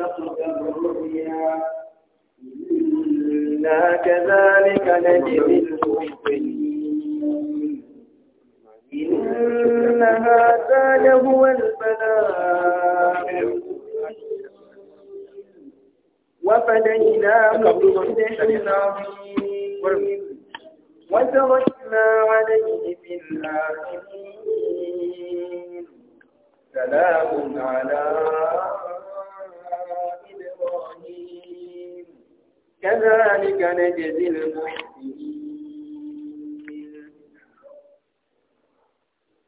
إنا كذلك نجزي المحسنين إن هذا لهو البلاء وفديناه بذبح عظيم وتركنا عليه في الآخرين سلام على كذلك نجزي المحسنين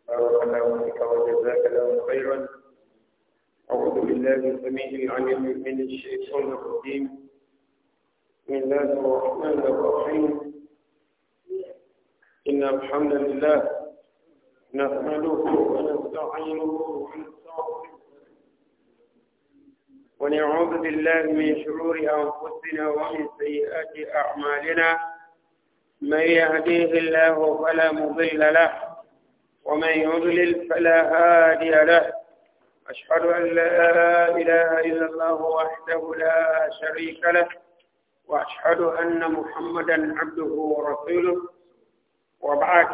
بارك الله فيك وجزاك الله خيرا أعوذ بالله السميع العليم من الشيطان الرجيم بسم الله الرحمن الرحيم إن الحمد لله نحمده ونستعينه ونستغفره ونعوذ بالله من شرور أنفسنا ومن سيئات أعمالنا من يهديه الله فلا مضل له ومن يضلل فلا هادي له أشهد أن لا إله إلا الله وحده لا شريك له وأشهد أن محمدا عبده ورسوله وبعد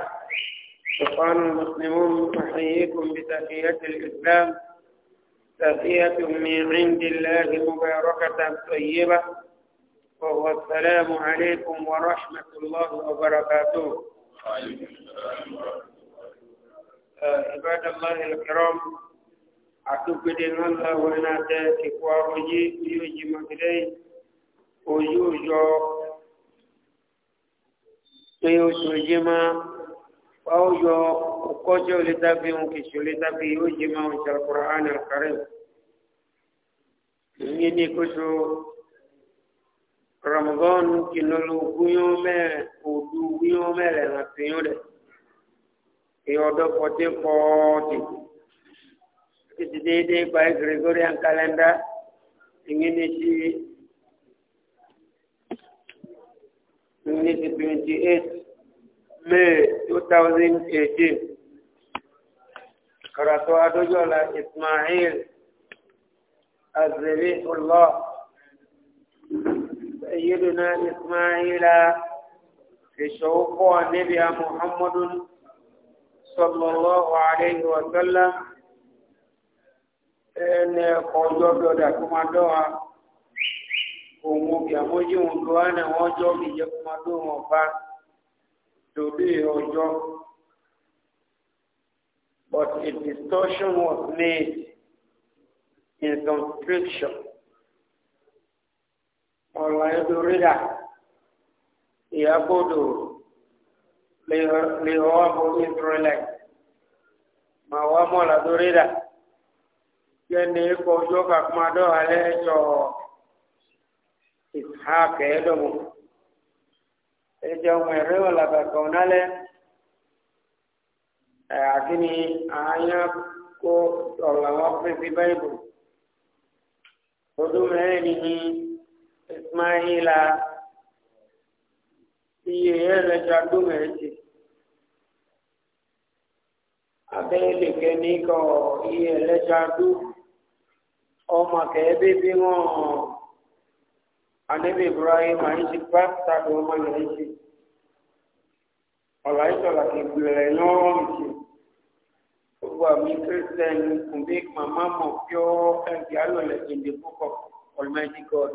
سبحان المسلمون أحييكم بتحية الإسلام تحية من عند الله مباركة طيبة وهو السلام عليكم ورحمة الله وبركاته عباد الله الكرام أعتقد أن الله ونادى تكوارجي يوجي مدري ويوجو ويوجو جمع فأوجو وكوجو لتابي وكشو لتابي وجمع وش القرآن الكريم يني كشو رمضان كنلو قيومة ودو قيومة لنسيون يودو فوتي فوتي It's dated by Gregorian calendar. Ingin isi, ingin isi 28 May 2018 karatu adojola Ismail Azrihullah Sayyiduna Ismaila ìṣòwòkọ́ níbi a Muhammadun sallallahu alayhi wa sallam ẹni ẹ̀kọ́ ọjọ́ dọ̀dà tó máa dọ́wà òun òbí àmójíwọn tó wá náà wọ́n jọ́ bí jẹ́ kó máa bá today ọjọ́ but a distortion was made in some scripture. ọ̀rọ̀ ẹ̀dùn rírà ìyàgbọ́dọ̀ lè ọwọ́ fún israelite mà wá mọ́ra tó rírà yẹni ikọ̀ ọjọ́ kàkúmọ́dọ́ alẹ́ ẹ̀ṣọ́ ìhàkẹ́ ẹ̀dọ̀mọ́ ẹjọ ọmọ ẹrẹ wà làbàkọ nálẹ ẹ àti ní àáyá kó ọ̀là wọn fún ti báyìbù ọdún mẹ́rin ní ismaila iye ẹlẹjọ ọdún mẹ́rin ti abẹ́lẹ̀ kẹ́ni kọ iye ẹlẹjọ ọdún ọmọ kẹ́ẹ́bí bí wọ́n. Anabi Ibrahim àyíṣe bá tàbí ọmọ yẹn ṣe la ke gbele nyɔnu tsi gbogbo ami kristian kunbi mama mɔ pio kanti alɔ le in the book of almighty god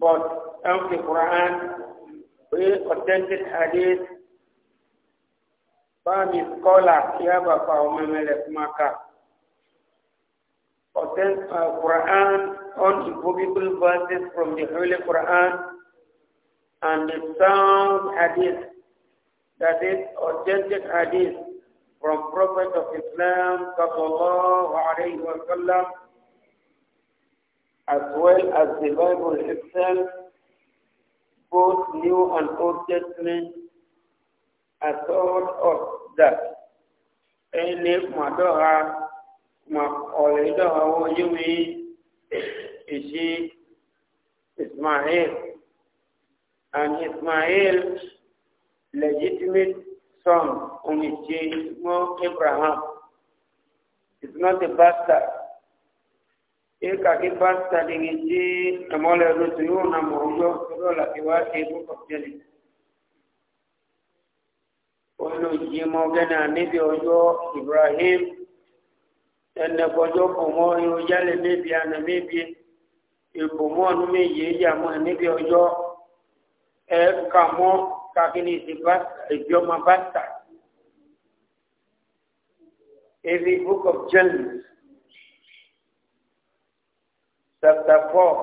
but ɛnfi quran oye authentic hadith báàmì kọ́là kí á bàbá ọmọ ẹlẹ́ kuma ká authentic uh, quran unimprobable verses from the holy quran. and the sound hadith, that is authentic hadith from Prophet of Islam sallallahu as well as the Bible itself, both New and Old Testament, assured of that any madoha ma ọ̀rẹ́dọ̀ àwọn yíwí ìṣe Ismail and Ismail legitimate son on his chain, Abraham. Is not a bastard. Ikaki bastard in his chain, Amole Rutu, Namujo, Rola, Iwaki, Book of Jelly. Olùjì mọ̀gánà níbi ọjọ́ Ibrahim ẹnẹ̀kọjọ́ pọ̀mọ́ ìhòjálẹ̀ níbi ànà níbi ìpòmọ́ ọdún méje yàmọ́ níbi ọjọ́ ẹ̀ka mọ́ kakini ìjọba bàtà every book of James chapter four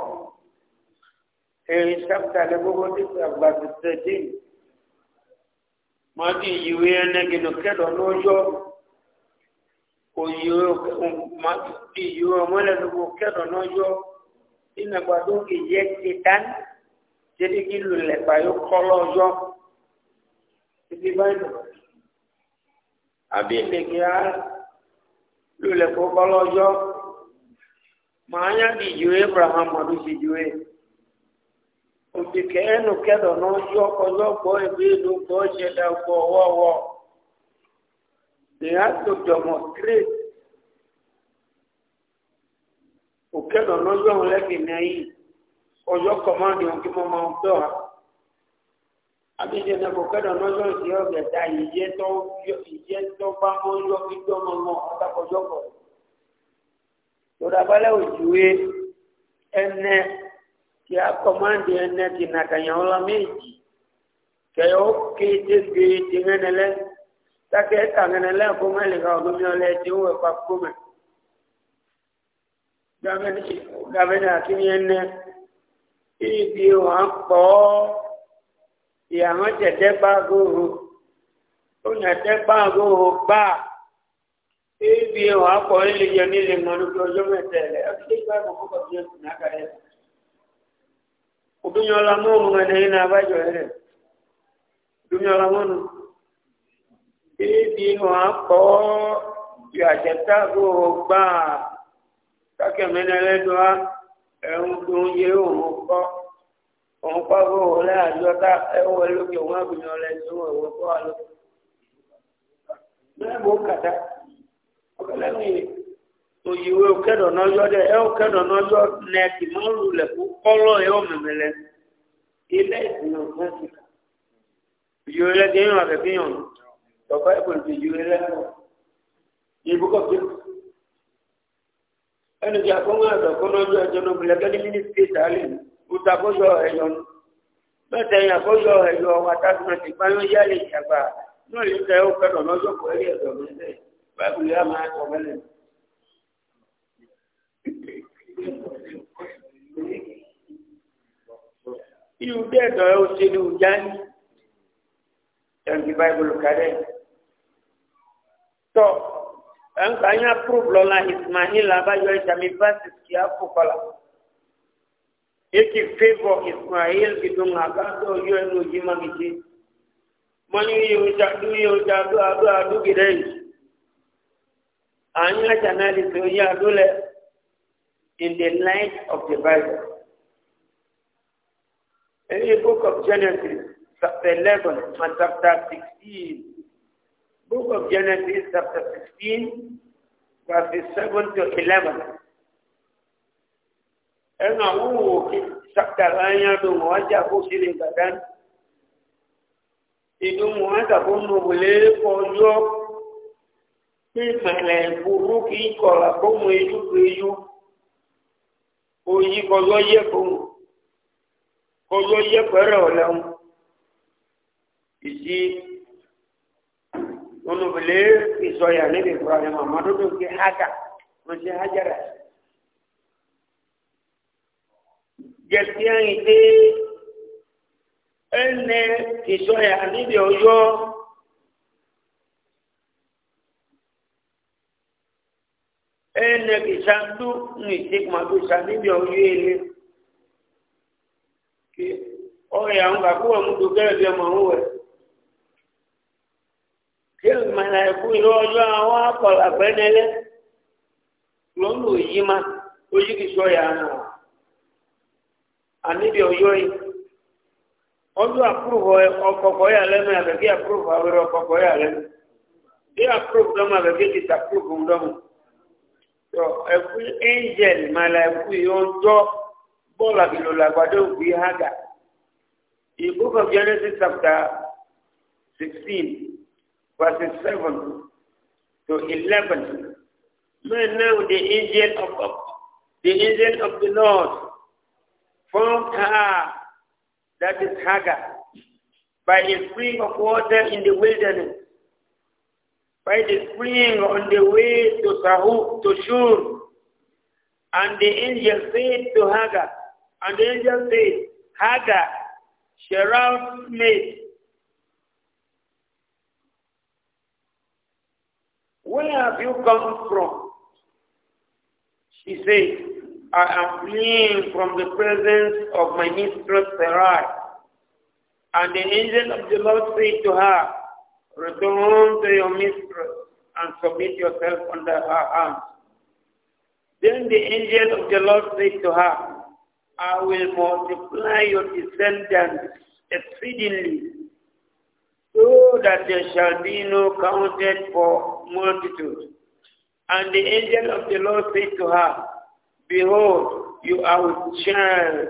erin chapter lẹ́gbọ́gbọ́ nípa àgbàdo thirteen máa di ìwé ẹnẹgìnà kẹlọ lọ́jọ́ òyìnbó máa di ìwé ọmọlẹ́nu kẹlọ lọ́jọ́ nínú àgbàdo kìí yẹ ti dání títí kí lulẹ̀ báyọ̀ kọ́ lọ́jọ́ títí báyọ̀ àbí ìlẹ̀kẹ̀ á lulẹ̀ kó kọ́ lọ́jọ́ màá yá di ju abraham ọdún sí ju e òbí kẹ́hẹ́nù kẹ́dọ̀ náà yọ ọjọ́ gbọ́ ẹbí ìlú gbọ́ ìṣẹ̀dá gbọ́ wọ́wọ́ they have to demonstrate òkẹ́dọ̀ náà yọ ọ̀hún lẹ́gbẹ̀ẹ́ náà yìí ọjọ́ kọ̀mọ́dé ohun kí mo máa ń tọ́ ha abíjẹ́ náà kò kẹ́dọ̀ lọ́jọ́ ìdí ọ̀gẹ̀dá ìyẹ́ tó bá mọ́ yọ gbígbọ́ mọ́ mọ́ ọ̀dàkọ̀jọ́ kọ̀ tòdàbálẹ̀ òjúwe ẹnẹ tí a kọ̀mọ́dé ẹnẹ tí nàkànyàn ọlọ́ méjì kẹyọ kéde gbèdé ńẹnẹlẹ takẹ́ta ńẹnẹlẹ fún mẹ́lẹ̀ká ọdún mẹ́lẹ̀ tí ó wẹ̀ pa kúmẹ̀ gàmẹ́ni àti ẹnẹ. ibi wọn kpọ́ ìyàwó tẹ̀tẹ̀ bá gòrò ó nà bá gòrò gbà ibi wọn kpọ́ ilé e yẹn nílé mọ́lúkú ọjọ́ mẹ́tẹ̀ẹ̀lẹ̀ ẹ̀kúndé gbà kó kókò tó yẹn tún aka yẹn. Odunyɔla mɔnu ŋɛnɛ yina ava dzɔ yɛ lɛ. Odunyɔla mɔnu. Ebi wọn akpɔ yɔ adzɛta go gbaa. Kakɛ mɛnɛ lɛ do wa. ẹ̀hún tó ń yé òun kọ́ òun kọ́ bó wọn láàjọ tá ẹ̀wọ̀ lókè wọn àbùyàn ọ̀lẹ́ tó wọn òun kọ́ wa lókè. bẹ́ẹ̀ bó kàtá ọ̀kẹ́lẹ́nu òyìnbó kẹ́dọ̀ náà dẹ kẹ́dọ̀ nẹ́ẹ̀kì mọ́lù lẹ̀ kó kọ́lọ́ ẹnu tí a kó ńlá ẹ̀dọ̀ kó lọ́jọ́ ẹjọ́ ló bilẹ̀ kẹ́ni mínísítì alẹ́ òtà kójọ ẹ̀yọ́ mẹ́tẹ̀ yẹn kójọ ẹ̀yọ́ atásùmọ̀tì gbáyọ́ yálẹ̀ ìjàgbá náà lè tẹ ó kẹ́dọ̀ lọ́jọ́ kó ẹ̀rí ẹ̀dọ̀ mẹ́tẹ̀ báyìí lè máa tọ̀ mẹ́lẹ̀. irú dé ẹ̀dọ̀ ẹ̀ òṣèlú jáni ẹ̀ǹdí báyìí ẹnkanya prove lọ́la ismail abayọ ìjàmí versus kí á kó kọlá eki favour ismail gidun agadọ yọ ẹnu yìí má mi jẹ mọ́ni yóò jádú yóò jádú adó adó gidẹ yìí àyìn àjànálì tó yí adó lẹ in the light of the bible ẹni book of genesis chapter eleven and chapter sixteen. Book of Genesis, chapter 16, verses 7 to 11. Ẹnà wúwo kí sàkàrà ẹyàn ló mọ̀ ọjà kó sílẹ̀ gbàdán. Ìlú mọ̀ ọjà kó nù wòlé kọ yọ. Pé ìmọ̀lẹ̀ burú kì í kọ̀ra kó mu ejú kò ejú. Oyi kọ yọ yẹ kó mu. Kọ yọ yẹ pẹ̀rẹ̀ ọ̀lẹ́hun. Ìsí nínú ilé ìsọyà níbi ma màmá dúdú ha hájà wọn ṣe hájàrà jẹsí ẹyin dé ẹnẹ ìsọyà níbi ọyọ ẹnẹ ìsàndú ní ìsèkùmàgbèsà bi ọyọ ilé kí ọyà ń gbà kó wọn mú yóò mara ẹkú ìlú ọjọ́ àwọn akọ̀là pẹ́ẹ́nẹ́lẹ́ lọ́nà òyì ma ojú kì sọ yà nù àníbi ọjọ́ yìí ọdún àpúrúfọ ọkọ̀kọ̀ yà lẹ́nu àbẹ̀kí àpúrúfọ àwẹ̀rẹ̀ ọkọ̀kọ̀ yà lẹ́nu bí àpúrúfọ lọ́mọ àbẹ̀kí ti sàpúrúfọ lọ́mọ tọ ẹkú angel mara ẹkú ìyọ̀njọ́ bọ́ọ̀lù àbìlò làgbàdo òbí hága ìbúkọ̀ genesis chapter sixteen. verses 7 to 11. Men now the angel of, of the angel of the Lord found her, that is Hagar, by a spring of water in the wilderness, by the spring on the way to Sahuk, to Shur. And the angel said to Hagar, and the angel said, Hagar, Sherald maid, Where have you come from? She said, I am fleeing from the presence of my mistress Sarai. And the angel of the Lord said to her, Return to your mistress and submit yourself under her hand." Then the angel of the Lord said to her, I will multiply your descendants exceedingly, so that there shall be no counted for multitude. And the angel of the Lord said to her, Behold, you are with child,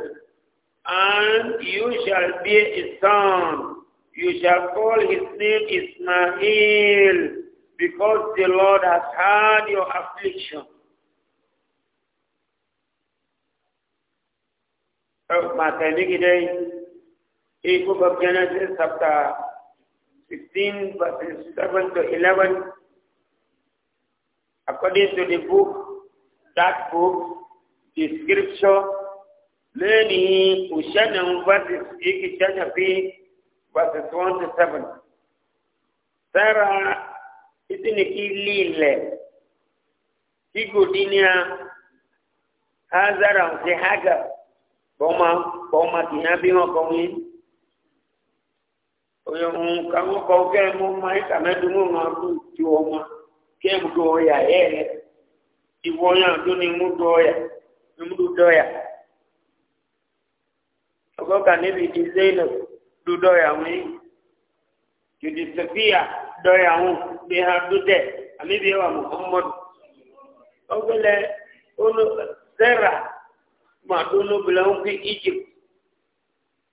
and you shall bear a son. You shall call his name Ismael, because the Lord has heard your affliction. Oh, Genesis chapter 16 verses 7 to 11 according to the book, that book, the scripture, learning Ushana verses Ikichana P verses one to seven. Sarah isn't a key lile. Higudinia Hazara Zehaga Boma Boma Tinabima Komi. Oyo nkan kọ̀ọ̀kẹ́ mọ́ máa ń kàmẹ́dùnmọ́ máa ń tu ọmọ kemdoya yeye ivonya duni mudoya mdudoya okoka nebi dizaino dudoya mwi judisafia doya mu bihadude amibiewa muhammad ogele ono sera maduno bilaungi egypt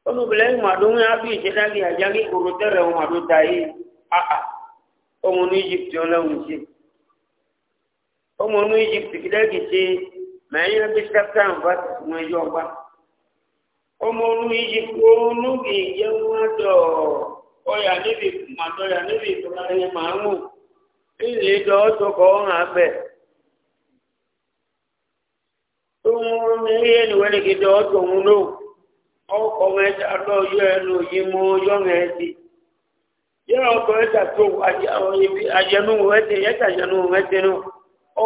ono bilaungi maduno abi jedagi ajagi kurutere madutai aa omu ni egypt ona unchi ọmọ onú egypt kìdẹ́gì ṣe mẹ́rin bí chapter and verse mọ ẹyọ ọgbà ọmọ onú egypt onú ìyẹ́ wọn ya ọyà níbi màdọ̀yà níbi ìfọláyẹ màá mú ilé ìjọ ọ̀ṣọ́kọ̀ ọ̀hún ya tó ń rí ẹni wẹ́lẹ̀ kìdọ̀ ya òun náà ọkọ̀ mẹ́ta ya ya ya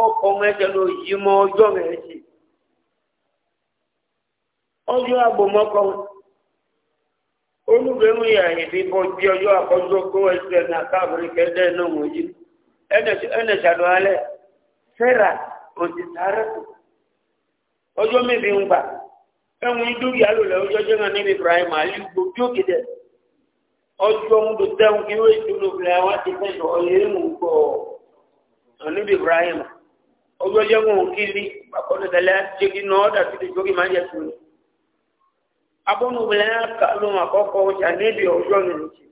ọkọ̀ mẹ́jẹ ló yí ọjọ ọjọ́ mẹ́jì ọjọ́ àgbòmọ́kọ́ olùgbéhùn ìyàyìnbí bọ́ bí ọjọ́ àkọ́jọ́ kó ẹsẹ̀ náà káàbùrí kẹ́dẹ́ náà wọ́n yí ẹnẹ̀ṣàdó alẹ́ òsì kù ọjọ́ mẹ́bí ń gbà ẹ̀wọ̀n níbi ibrahim ali gbòjú òkè dẹ̀ ọjọ́ ń tẹ́wọ̀n kí wọ́n àti ojú ọjọ́ wọn ò kiri akọ́dọ̀ tẹ̀lẹ́ jẹ́gi náà dàtí lè jókè máa yẹ tó ní. abọ́nú wulẹ̀ kálọ̀ àkọ́kọ́ ọjà níbi ọjọ́ nù ní ti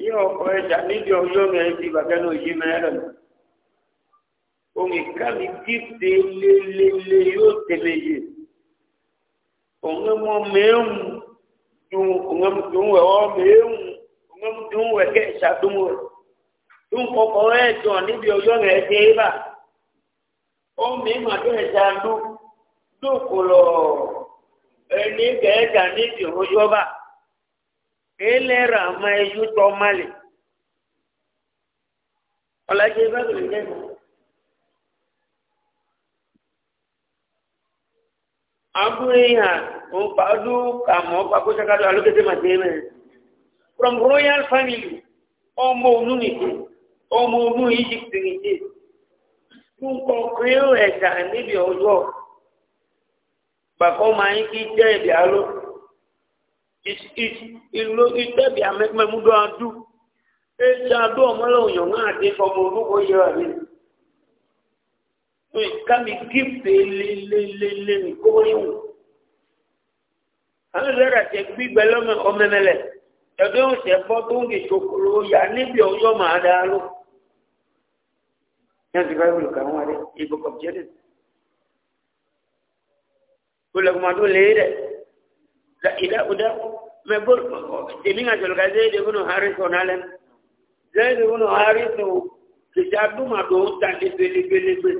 yíyọ ọkọ̀ ẹja níbi ọjọ́ nù ní ti bàbá náà yí mẹ́rẹ̀ lọ. òun ìkàmì dìde lélele yóò tẹ̀lé yé òun mọ mẹ́rùn dùn òun dùn wẹ̀ ọ́ mẹ́rùn òun dùn wẹ̀ kẹ́ ìṣàdùn wẹ̀ dùn kọkọ̀ ẹ̀jọ̀ níbi ọjọ́ nù ẹ̀ omi màdó ẹja ló dókòlò ẹni gẹ̀ẹ́gà ní ìhójọba ẹlẹ́ra ọmọ ẹyú tọ́ málì ọ̀làjẹ́ ìbáṣẹ̀lẹ̀ lẹ́nu. abúlé hà ń pa ọdún kàmọ́ pàkó sakadọ́ alókété màdé mẹ́rin from royal family ọmọ onú nìkan ọmọ onú egypt nìkan ńkọ kí ó ẹ̀dà níbi ọjọ́ pàkọ́ máa ń kí jẹ́ ìdí aló ìlú ìtẹ́bí amẹ́mẹ́múdó adú èsì adú ọmọlẹ́ òyìn náà dé ọmọ olúkọ yẹ wà ní ìkámi gífè lélelélé ní kóríwù àwọn ìrẹ́rẹ́ tẹ gbígbẹ lọ́mọ ọmọ mẹ́lẹ̀ ẹ̀dọ́ òṣèpọ̀ tó ń gèsòkòrò yà níbi ọjọ́ màá dáa lóko yẹn ti báyìí olùkà wọn rẹ ìbò kọ̀pútẹ́rì olùkọ́mọdún lè rẹ̀ ìdá ìdá mẹ́gbọ́ èmi náà jọlọ́ka zéèdè fúnù harrison nálẹ́ zéèdè fúnù harrison kìsì adúmọ̀dọ̀ ó ta ní gbélégbélégbé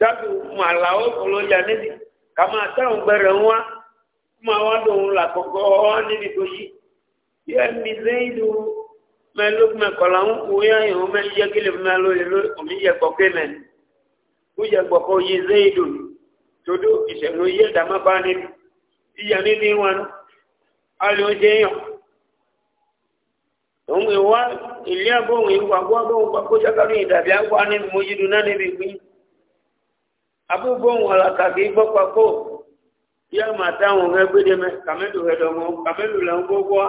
dábì mọ àlàó olóyà níbi kà máa táwọn gbẹrẹ ń wá kó máa wá dòun là kọ̀kọ́ níbi tó yí yẹ́n mi zéèdè fúnù mɛ lukumɛ kɔla ŋu wuya yi o mɛ yɛ kele fi mɛ lori lori o mi yɛ gbɔ pe mɛ o yɛ gbɔ kɔ yi zeyi do to do ìṣẹ̀nu yɛ dama ba ni iya ni ni wa no ali o zeyi yɔ òun mi wá ilé abó òun ìwà abó abó òun kó sakalu ìdàbí abó ani mo yi do nani bi gbin abó bó òun alaka kì í gbɔ kpakó yá màtá òun ɛgbédemɛ kàmẹ́lò ɛdɔ̀mɔ kàmẹ́lò lẹ́nu gbogbo wa.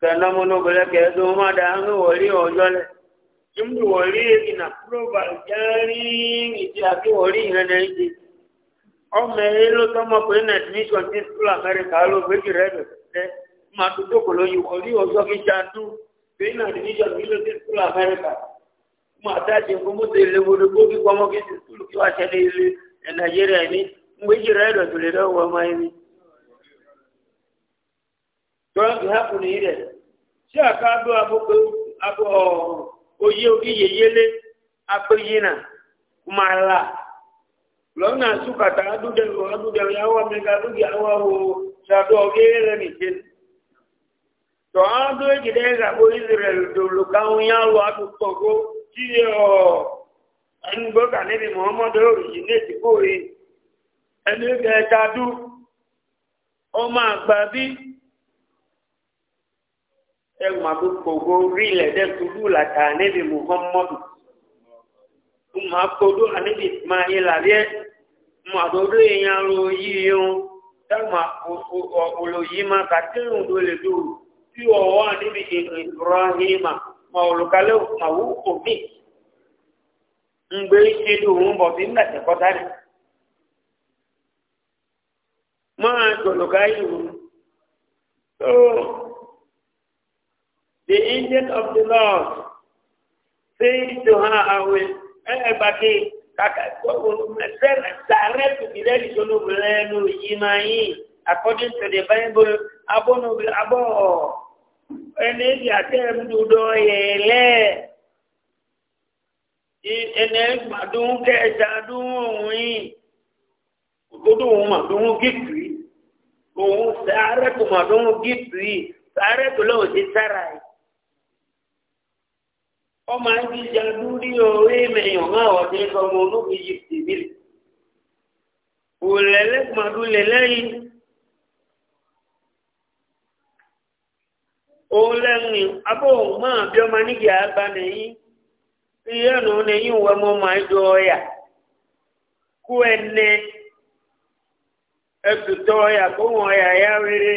kana mono bala ke do ma da ngo wori o jole jimdu wori ki na global jari ni ti aki wori ne ne ti o me admission ti school america lo be ki redo de ma tu to ko lo yi wori o so ki cha tu pe na admission mi lo ti school america ma ta je ko mo de le mo de ko ki ko mo ki school ki wa che le nigeria ni ngwe ji redo to ni tọ́lá ti hàpù nìyí rẹ̀ ṣé àká abọ́ mara oyé oyéyélé apéyínà máa la lọ́nà àtúkàtà adúdẹ̀rù adúdẹ̀rù yàwó amẹ́gà lórí àwọn o ga ọ̀gẹ́rẹ́ nìjẹ́ tọ́ adó ìjìdẹ́ ìgbàgbọ́ israel dòlò káwọn yá lọ adúgbògbó tí na ọmọ àgbà bíi ẹgbà tó gbogbo rílẹ̀ dẹ́kúdú làtà níbi muhammadu ma kodo anibi ismail abẹ́ ma dodo èèyàn lo yíyí o dẹ́gbà olóyìí ma kàtírùn tó lè dò tí ọwọ́ níbi ibrahima ma olùkalẹ̀ màwú òbí ngbe ṣe ló ń bọ̀ bí mbàtẹ̀ kọ́tà rẹ̀ máa jọ̀lọ̀ káyìí o the angel of the Lord said to her, I will, everybody, direct to the religion of Lenu Imai, according to the Bible, Abono Abo, and if you attempt to do a ẹnẹ gbàdúhún kẹ ẹja òun yìí òdodo òun màdúhún gíìtì yìí òun sàárẹ̀ tó màdúhún gíìtì yìí sàárẹ̀ tó lọ́wọ́ sí sára yìí. Ọ ọmọ ẹbí ìjàdúrí orí mẹyàn máa wọ̀dé ọmọ olóògbé yìí tèbílì òlẹ̀lẹ́gbọ̀dúnlẹ̀ lẹ́yìn òlẹ́rin abóhùn máa bí ọmọ nígbà àgbà nẹ̀yìn ìyẹ́nu nẹ̀yìn wọ ọmọ máa jọ ọyà kú ẹnẹ ọyà kó wọn ọyà yá rere.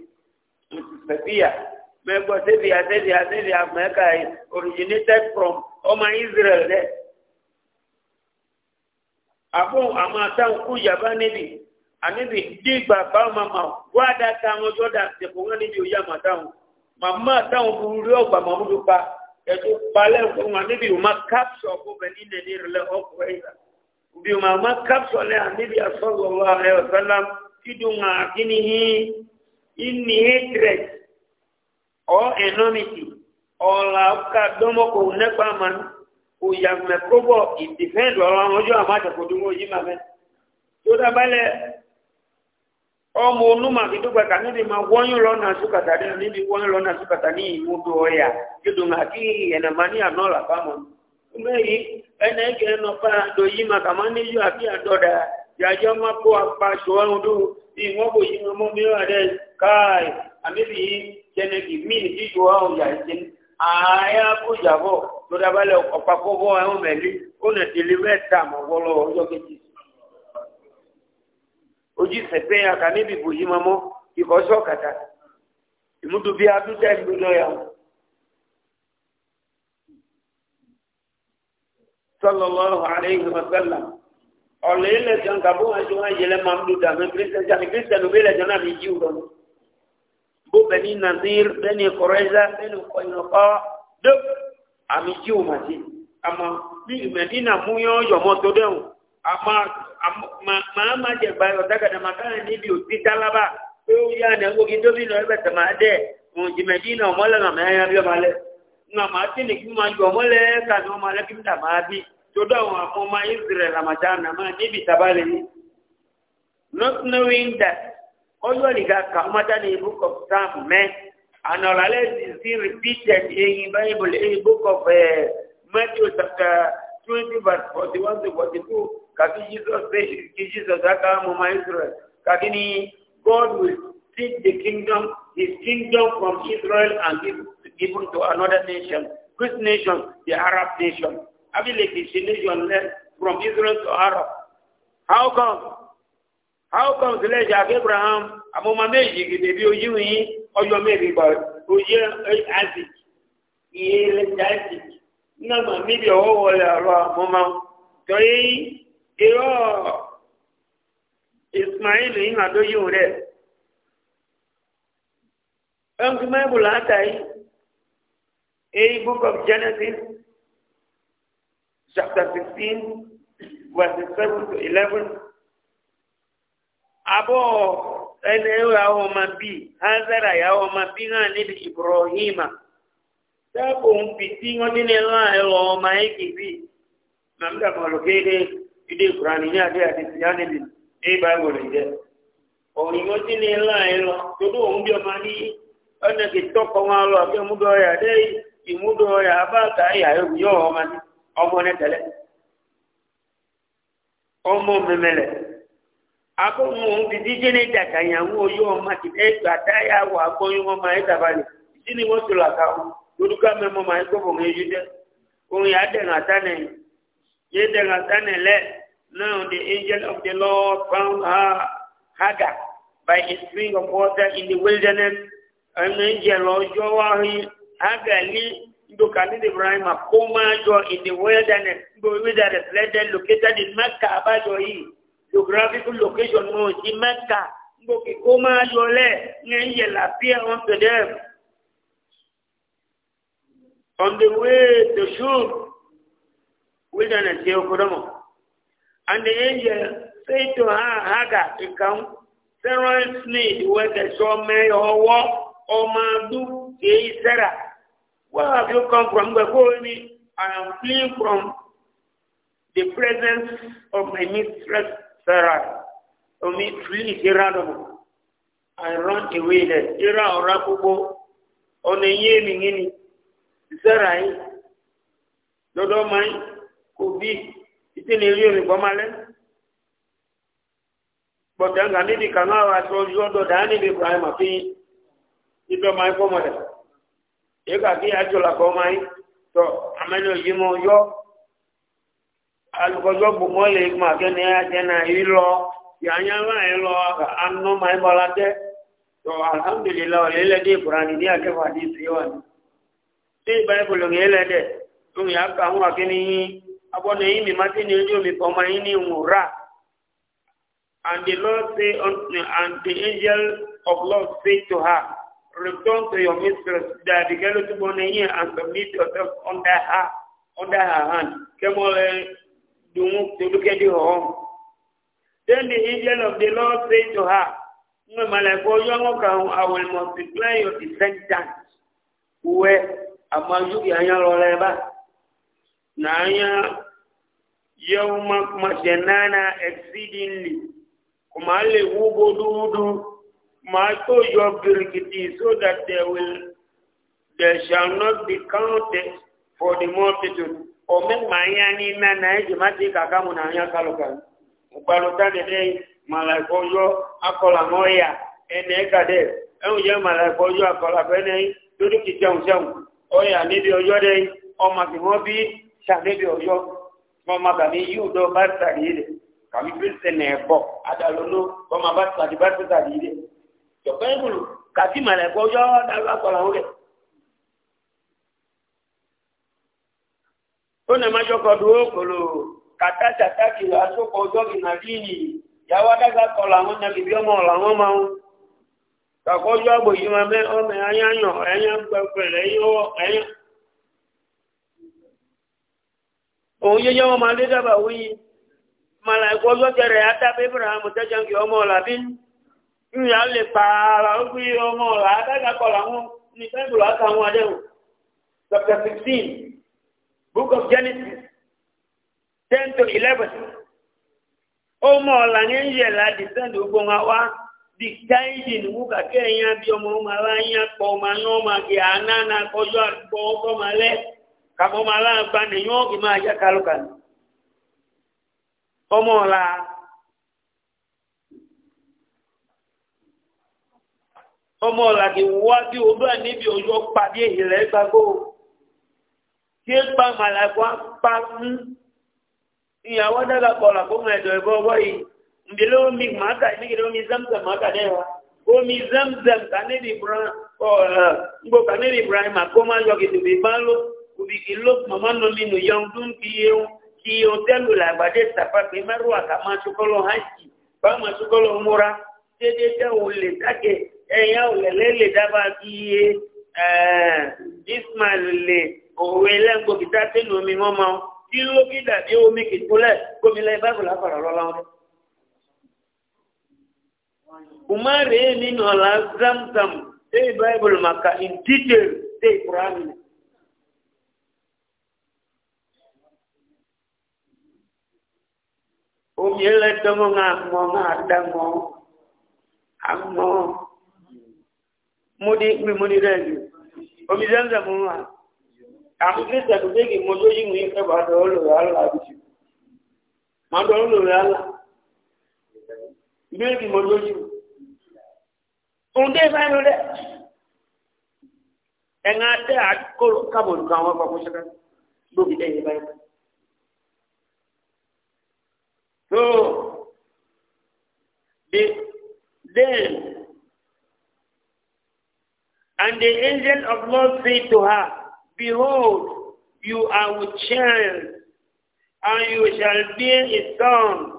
Ethiopia. Remember, Ethiopia, Ethiopia, Ethiopia, America is originated from Oma Israel there. Àbọ̀ àwọn àtàwọn kú yàbá níbi, àníbi dìgbà bá ọmọ mà wá dáadáa wọn jọ́dá tẹ̀kọ̀ wọn níbi òye àmà táwọn. Màmá àtàwọn burúkú ọgbà màmúdú pa ẹ̀tọ́ palẹ̀ fún wọn níbi òun máa kápsọ̀ fún bẹ̀ ní nàìjíríà ìrẹ̀lẹ̀ ọkùnrin ìgbà. Bí òun máa kápsọ̀ lẹ́ àníbi àsọ̀rọ̀ ọ̀rẹ́ ọ̀sán lá inni hatred or enormity or lauka domo ko nepa man uyame kobo independ wala mojo amata ko dumo yima me to da bale ọmọ onuma bi dugba ka níbi ma wọnyún lọnà sukata ní níbi wọnyún lọnà sukata ní ìmúdó ọyà yóò nga kí ẹnàmání àná làbá mọ ọmọ yìí ẹnà ẹgẹ ẹnọpa doyí ma kàmá níyú àbí àdọdà yàjọ má kó apá sọ ọhún dùn ìwọ́n kò yí ma mọ́ mi rà dẹ́yìn káì àmìbí yìí jẹnẹgì míì tí ju àwọn ìyá ìṣe àyà kó yàgò tó dábàlẹ̀ ọ̀pápọ̀ bọ́ àwọn mẹ́lí ó nà délé mẹ́ta mọ̀ wọ́lọ́ ọjọ́ kejì. ojú ìfẹ̀fẹ́ yà kà níbi bòyí mọ́mọ́ ikọ̀ sọ̀kàtà ìmúdùbí adúdá ìlú lọ́yà. sallallahu alayhi wa sallam ọ̀lẹ́ ilẹ̀ jọ̀ǹkà bó wọn ṣe wọ́n yẹlẹ́ máa ń lu dàmé kírísítẹ́nì kírísítẹ́nì bí ilẹ̀ jọ̀ǹkà mi yí wúrọ̀ bóbẹ̀ni nazir bẹ́ni kọrẹ́zá bẹ́ni kọ̀yìnàkọ́ dé àmì tí o mà sí àmọ́ bí mẹ̀dínà mú yán yọ̀mọ́ tó dẹ̀hùn àmọ́ màá má jẹ gba ọ̀dà gàdàmà káyọ̀ níbi òtí tálábà pé ó yá ni ẹgbẹ́ gidi omi ẹgbẹ́ tẹ̀mà dẹ̀ òun jì mẹ̀dínà ọmọlẹ̀ nà mẹ́ ẹyà ọmọ alẹ́ nà má tí ni kí má ju ọmọlẹ̀ kàní ọmọ alẹ́ kí dà má bí tó dẹ̀hùn àmọ́ má israel àmàjà níbi tabalẹ̀ yìí not knowing that oyo liga kamata ni book of Psalm me and all is see repeated in Bible in book of uh, Matthew chapter 20 verse 41 to 42 kaki Jesus say Jesus aka mama Israel kaki ni God will take the kingdom his kingdom from Israel and give it to another nation which nation the Arab nation abi like nation from Israel to Arab how come how come to let jack abraham amoma méjì gidi bí ojú yín ọjọ méjì gbà ojú isaac iye lẹsẹ isaac nínú àmà níbi ọwọ wọlé ọrọ amoma torí irọ ismail yìí máa I yíwò rẹ ẹnkú mẹbù látàí a book of genesis chapter 16, verses 7 to 11. abụọ ẹlẹ́yàwó ọmọ bíi hazara yàwó ọmọ bíi hàn níbi ibrahima dáàbò ń fi tí wọ́n dín ní ẹ̀rọ ẹ̀rọ ọmọ ẹ̀kì bíi màmúdà mọ̀lùkẹ́ ilé ilé ìkùránì ní adé àti tìyánì bíi ẹ̀ bá wọlé jẹ́ òyìn wọ́n dín ní òun bí ọmọ ní kì wọn lọ àbí dé akó mu ohun ti díje ní ìyàwó oyó ọmọ ti ẹ gbà táyà wọ agbóyún ọmọ ẹ ìdí ni wọn tó là ká wọn lórúkọ mẹmọ máa ń gbọbọ ní ojú dẹ òun yà á àtànẹ yé àtànẹ lẹ náà the angel of the law found her by a spring of water in the wilderness ẹnu angel wa ní ibrahim akó máa jọ in the wilderness wilderness located in abájọ yìí. geographical location wọn ò sí mẹ́ta gbòkè kó máa yọlẹ̀ ní ẹ̀yẹ làbíà wọn pẹ̀lẹ́ on the way to shoot wilderness yẹ okòdọ́mọ and the angel say to her haga ìkàún sarah smith wẹ́gẹ̀sọ mẹ́yọ ọwọ́ ọmọ adú kìí sẹ́ra where have you come from gbẹ̀kọ́ ni i am fleeing from the presence of my mistress. Sara, Omi, please, Iranobo. I run away there. Ira Orakubo, on a Sara, mingini. Sarai, eh? Dodo Mai, Kubi, Itini Rio Nibomale. But then I need to come out as well. You don't have any crime of it. You don't mind for mother. You got the actual of my. So, I'm going to you more alùpùpù gbogbo lè gbọ́n akẹ́ni ẹ̀jẹ̀ náà yìí lọ yànyà náà yìí lọ anú máa ń bọ̀ látẹ́ tó alhamdulilayi ọ̀lẹ́ lẹ́dẹ̀ ìfúrani ní akẹ́fà ní ìsèwà ni. ṣé ìbáyìbùlù ń yé lẹ́dẹ̀ tó yà kà ń wà kíni yín abọ́nà yín mi máa ti ní ojú mi pọ̀mọ́ yín ní ìwúrà. and the lord say unto and the angel of lord say to her return to your mistress that the girl tó bọ́ ní and submit yourself under her under her hand kẹ́mọ́ lẹ́yìn dumu tulukedi ho then the angel of the lord said to her no malaiko yongo ka i will multiply your descendants we amaju yanya loleba nanya yawma mashanana exceedingly kuma le wubo dudu ma to your birkiti so that they will they shall not be counted for the multitude omemma ihe anyị n'ime na ejimata ka mụ na anya kalụkalụ mkparụta dede malakoyo akọla n'ọya ene kade enwuje malakoyo akọla bene dudu kichan chan ọya níbi ọjọ dẹ ọmọ kì wọn bí sàdébi ọjọ ọmọ adalolo tó nà máa jọkọ̀ dúró kòlò kàtà ṣàtàkì àsopọ̀ ọjọ́ ìnàdínì yàwó adága kọ làwọn nàbí bí ọmọ làwọn máa ń kàkọ́jú àgbò yìí máa mẹ́ ọmọ ẹ̀yà yàn ẹ̀yà gbẹ̀gbẹ̀rẹ̀ ẹ̀yà. òun yẹ́yẹ́ wọn máa lé dábàá wíyí màlà ìkọ́jọ́ jẹrẹ adábẹ́ ibrahim tẹ́jọ́nkì ọmọ làbí ìyá lè pààrà ó gbé ọmọ làádága kọ làwọn ní bẹ́ẹ̀ book of genesis ten to eleven ọmọ ọ̀làní ń yẹ̀ la descend gbogbo wọn wá the tithing wú kàkẹ́ ẹ̀yà bí ọmọ ọmọ aláyà na kọjọ́ àgbọ̀ ọkọ̀ ọmọ alẹ́ kàmọ́ na aláàgbà nìyọ́ tí ń pa màlàkọ́ pa mú ìyàwó dága kọ̀ọ̀lá fún ẹ̀dọ̀ ẹ̀bọ̀ ọwọ́ yìí ǹdílé omi màákà nígbèrè omi zamzam màákà dẹ́wà omi zamzam kanẹ́bì ibrahim ngbò kanẹ́bì ibrahim àkọ́mọ́ ayọ̀kìtì bí bá ló òbí kì ló màmá nù mí nù yẹun tó ń fi yẹun kí yẹun tẹ́lù làgbàdé sàpàpé mẹ́rù àkàmà sukọ́lọ̀ hajj báwọn sukọ́lọ̀ múra dédé tẹ́ ò lè dákẹ́ ẹ̀yà ò lẹ̀lẹ́ lè dábàá òwe lẹ́ńgbò kìtá sínú omi wọn mọ tí ló kí dàbí omi kìtúlẹ̀ gómìnà ìbáàbò láfàrà lọ́la wọn. Umar yìí nínú ọ̀la zamzam ṣé bible maka in detail ṣé ìkùrán ni. Omi ẹlẹ́dọ́mọ́ máa mọ́ máa dá mọ́ àmọ́ mo ní pé mo ní rẹ̀ jù omi zamzam mọ́ wa. Amkrista kuteki mojo jimu yike badolo ya Allah bichi. Madolo ya Allah. Mbeki mojo jimu. Unde sayo le. Engate akko kabul kawa kwa kushaka. Buki de yibai. So, the, then, and the angel of Lord said to her, Behold, you are with child, and you shall bear a son.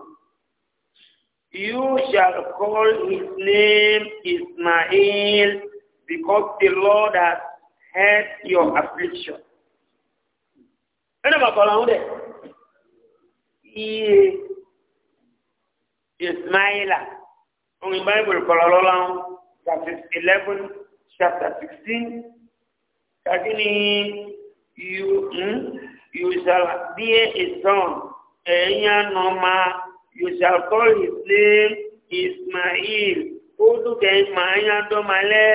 You shall call his name Ismael, because the Lord has heard your affliction. Ẹnna bàbá ọ̀la ń dẹ̀. Iye Ismaila, òun ìbáyìí bòlùkọ̀lọ̀ lọ́la ń, chapter eleven, chapter sixteen lakini you hmm, you shall be a son ẹ̀yàn nọ́mà you shall call his name ismail ó dúkẹ́ ìmáyà dọ́malẹ́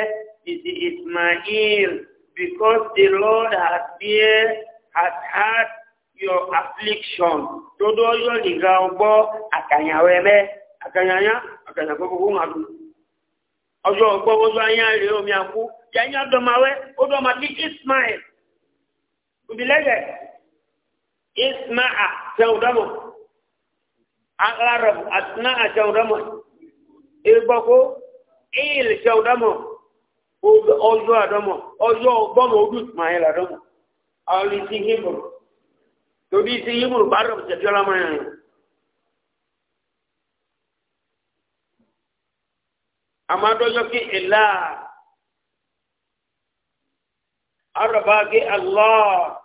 is ismail because the lord has been, has had your affliction tó dọ́ yọ̀ nìkan gbọ́ àkànyàwó ẹ̀mẹ́ àkànyàyà àkànyàgbọ́ gbogbo ńlá dùn. Ọzọ ọgbọ ọzọ anya ya omi akpụ, ya anya ọdọ ma awo ọdọ ma dị isma'il obiléhe. Isma'a shaw dị amụ, a arọpụ, il shaw dị adọmọ Odu ọzọ ọdụ isma'il a dị amụ. Ayi tobi isi obi si hivuru baarọọ mmanya na. amadɔjɔ ki ila araba ki allah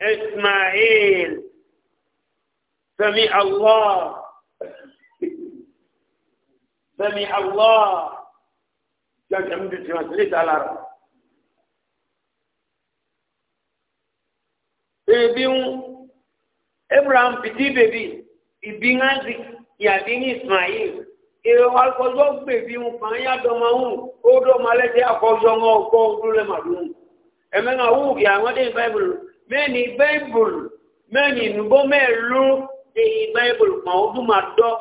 ismail sami allah sami allah jọjọ mi tuntun wọn sílẹ̀ sálà rẹ. bèbí ń abraham pìtì bèbí ìbí ń hàn sí ìyàbí ní ismail ìrẹ̀wà akọjọ́ gbèbí ń pa ń yàdọ̀mọ̀ ń ó dọ̀mọ̀ alẹ́jẹ́ akọjọ́ ń ọkọ̀ ojúlẹ̀ màdùn ẹ̀mẹ́ wù kí àwọn dé bible mẹ́ni bible mẹ́ni nùbọ́ mẹ́lú èyí bible kan ó dùn máa dọ́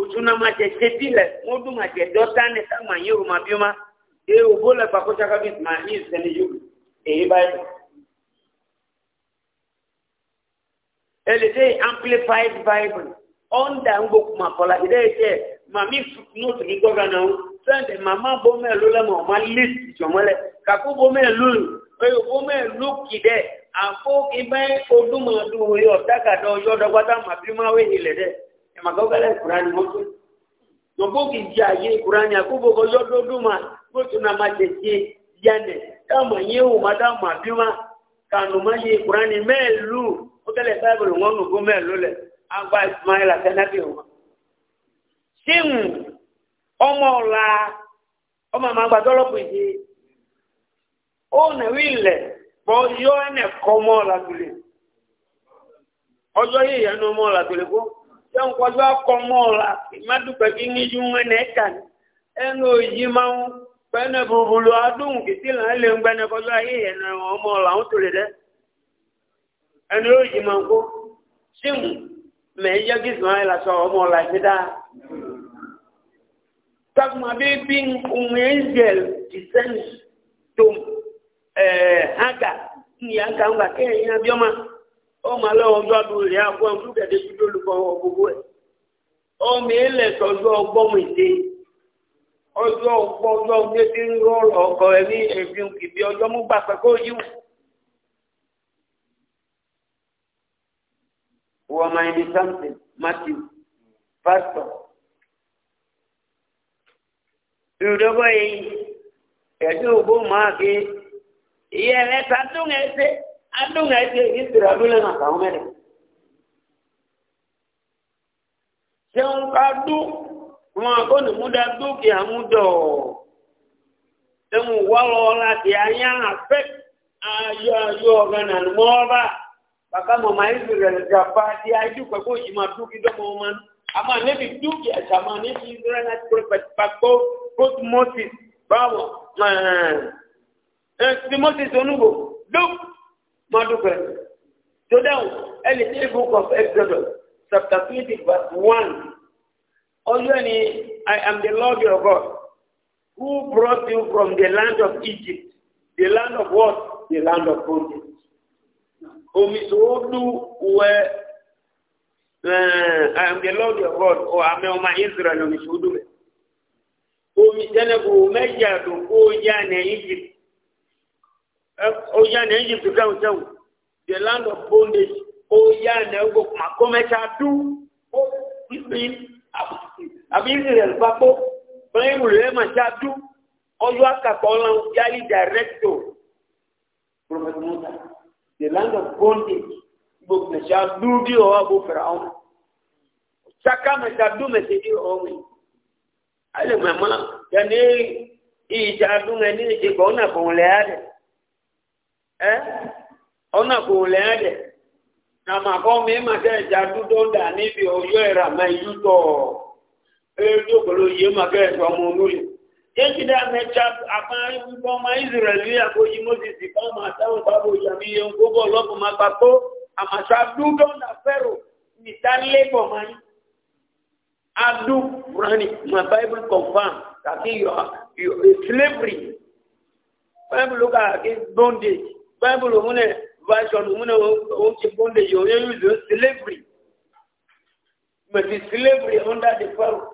òtún náà máa jẹ ṣe bílẹ̀ wọ́n dùn máa jẹ dọ́ tání sáwọn yìí rò bí ma ẹ ò bó lẹ́fà kó sákàbí máa ní ìsẹ́ni yóò èyí bible. ẹ lè dé amplified bible under ń gbókùn màkọ́lá ìdẹ́ mami footnote ni gɔvana wo sɛnde mama bomɛ lo lɛ mɛ ɔma list jɔmɔlɛ kako bomɛ lo oye bomɛ lo ki dɛ afo ibɛ oduma do oye ɔtaka dɔ yɔ dɔ gbata ma bi ma we ni lɛ dɛ ɛma gɔvɛ lɛ kura ni mɔto mɔko ki dza ye kura ni ako bo kɔ yɔ do do ma kóòtù na ma tètè yanɛ táwọn yé wò ma dá ma bi ma kanu ma ye kura ni mɛ lu o kɛlɛ báyìí bolo ŋɔnu bomɛ lo lɛ agba ismaila sɛnɛ bi wò ma. síhùn ọmọ ọ̀la ọmọ àmà gbàdọ́lọ́pù ìdí ó nàwí ilẹ̀ bọ́ yọ ẹnẹ̀ kọ́ ọmọ ọ̀la gbìlẹ̀ ọjọ́ yìí yẹnu ọmọ ọ̀la gbìlẹ̀ kó kọ kọjọ́ akọ ọmọ ọ̀la ìmádùpẹ̀ kí ní ju ẹnẹ̀ ni ẹnu òyì máa ń bùbùlù adùn kìtì là ń lè ń ayé ọmọ ọ̀la ń tòlè dẹ́ ẹnu òyì máa ń kó tak ma be bin un angel descends to eh haga ni anga nga ke ina bioma o ma lo ojo du ri apo en fluke de ju lu ko gugu e o mi le so ju ogbo mi de ojo ogbo ojo mi ti nro lo ko e ni e bi un ki bi ojo mu gba pe ko yi wa ma in something matthew pastor ìrùdọ́gbọ́ yìí ẹ̀dùn ògbó máa fi iye ẹ̀lẹ́ta dùn ẹ̀ṣẹ́ adùn ẹ̀ṣẹ́ ìṣirò ọdún lẹ́nu àtàwọn mẹ́rin. ṣéun ká dún wọn kó ní múdá dúkìá múdọ̀ ṣéun wá lọ láti ayé àfẹ́ ayọ̀ ayọ̀ ọ̀gán nà mọ́ ọ́bà bàbá màmá ìṣirò ẹ̀ṣẹ̀ àpá àti ayé pẹ̀lú òjì máa dúkìá dọ́mọ ọmọ àmọ́ níbi dúkìá ṣàmọ́ níbi ìṣirò ẹ̀ kóòtù mọ́tì báwọ̀ ẹ̀ ti mọ́tì sonúbò dó máa dúpẹ́ tó dáhùn ẹ lè book of exodus chapter twenty verse one ọjọ́ ni i am the lord your god who brought you from the land of egypt the land of what the land of bondage omi sòwò dùn wẹ́ẹ́. I am the Lord your God, or I'm my Israel, and you should Zainabu mẹ́yà tó kó yá ní Egypt. Ó yá ní Egypt kẹ́hùn sẹ́hùn. The land of bondage. Ó ní ọgbọ̀n màkó mẹ́ta dú. Ó fi àbí Israel papọ̀. Bẹ́ẹ̀ mú lè mà sá dú. Ọjọ́ àkàkọ́ ọlọ́run yálì director. The land of bondage. Gbogbo mẹ́ta dú bí ọwọ́ àbò fẹ̀rẹ̀ àwọn. Ṣáká mẹ́ta dú mẹ́ta dí ọwọ́ mi. Àìlè mẹ́mọ́ náà yani ija dunga ni je ko na ko le ade eh ona ko le ade na ma ko me ma se ja du do da ni bi oyo era ma yu to e do ko lo ye ma ke so mo nu le je ti da me cha apa wi bo ma israeli ya ko yi moses ti pa ma ta o pa bo ya mi yo ko bo lo ko ma pa to ama sa du do na fero ni rani my bible confirm that you are you slavery bible look at bondage bible umune version umune unchi oh, bondage oh, you use slavery but the slavery under the power.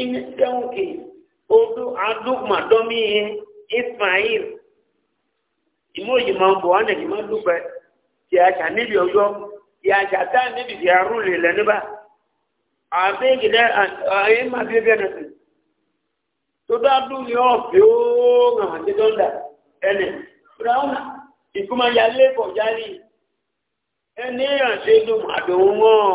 in donkey odu adugma domi ismail imoji mambo ane ki madupe ti acha nibi ojo ti acha ta nibi ti arule le niba àbẹ́gì dẹ́ ẹ̀yìn máa bí ẹgbẹ́ ẹ̀nẹ́sìn tó dáadú ni ọ́ fi ó ràn àti ẹnẹ̀ fúnra ìkúmọ̀ ya lẹ́kọ̀ọ́ járí ẹni àṣẹ inú àdòun náà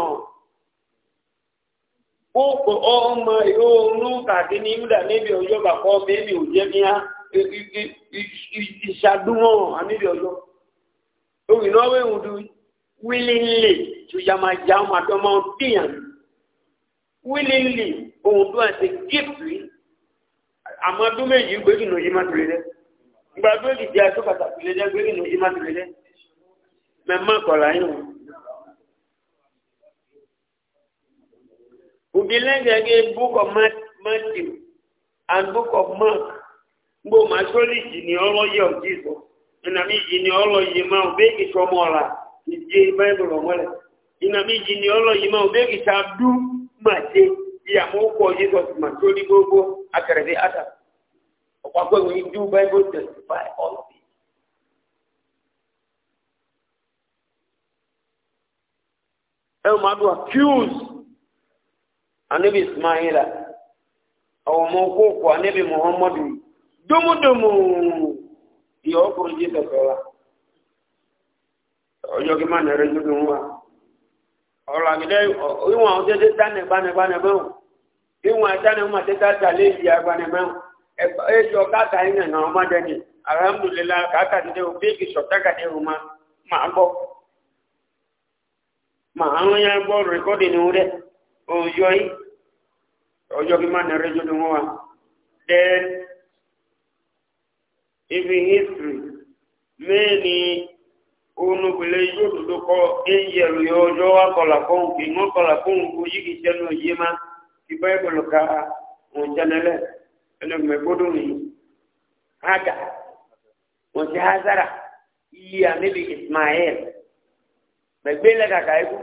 kókò ọmọ ìhóòrùn kàdé i willingly ohun tó àti gift àmọ́ ọdún méjì gbégi nù yí má tìrẹ dẹ́ gba gbégi jẹ́ aṣọ pàtàkì lé dẹ́ gbégi nù yí má tìrẹ dẹ́ òbí matthew and book of mark gbó ma sọ́lì jì ní ọlọ́yẹ of jesus mi jì ní ọlọ́yẹ máa ò bẹ́ẹ̀ kì sọmọ́ ọ̀la ìdí báyìí lọ́mọ́lẹ̀ ìnàmí bẹ́ẹ̀ kì mate ìyàmú kọ jesus mà tó ní gbogbo akẹrẹdẹ ada ọ̀pọ̀pọ̀ ìwé ju bible testify all of it. ẹ máa dùn accuse anabi ismaila àwọn ọmọ kókó anabi muhammadu domodomo ìyàwó kúrò jesus ọ̀la ọjọ́ kí máa nà ẹ̀rẹ́ dúdú wa ọ̀rọ̀ àmìlẹ́ ìwọ̀n àwọn tẹ́tẹ́ tánẹ̀ gbanẹ̀gbanẹ̀gbọ́n ìwọ̀n àtànẹ̀ wọn tẹ́tẹ́ tàlẹ́ ìdí agbanẹ̀gbọ́n ẹjọ́ káàkà ìyẹn náà ọmọdé ni alhamdulillah káàkà ti dé o bíkì sọ̀tàkà dé o máa bọ́ máa ń yẹn gbọ́ rẹ́kọ́dì ni wọ́n dẹ́ ọjọ́ yìí ọjọ́ kí máa nẹ̀rẹ́ jọdọ wọn wa then if history mẹ́ni onu bele yóò tó kọ eyẹlu yọ ọjọ akọlà fún ìmọ kọlà fún ojú kì í sẹnu yé ma ti báyìí kọlọ ká wọn jẹnẹlẹ ẹnu mẹ gbọdọ mi hada wọn ti hazara yí anabi ismael gbẹgbẹ lẹ kàkà ikú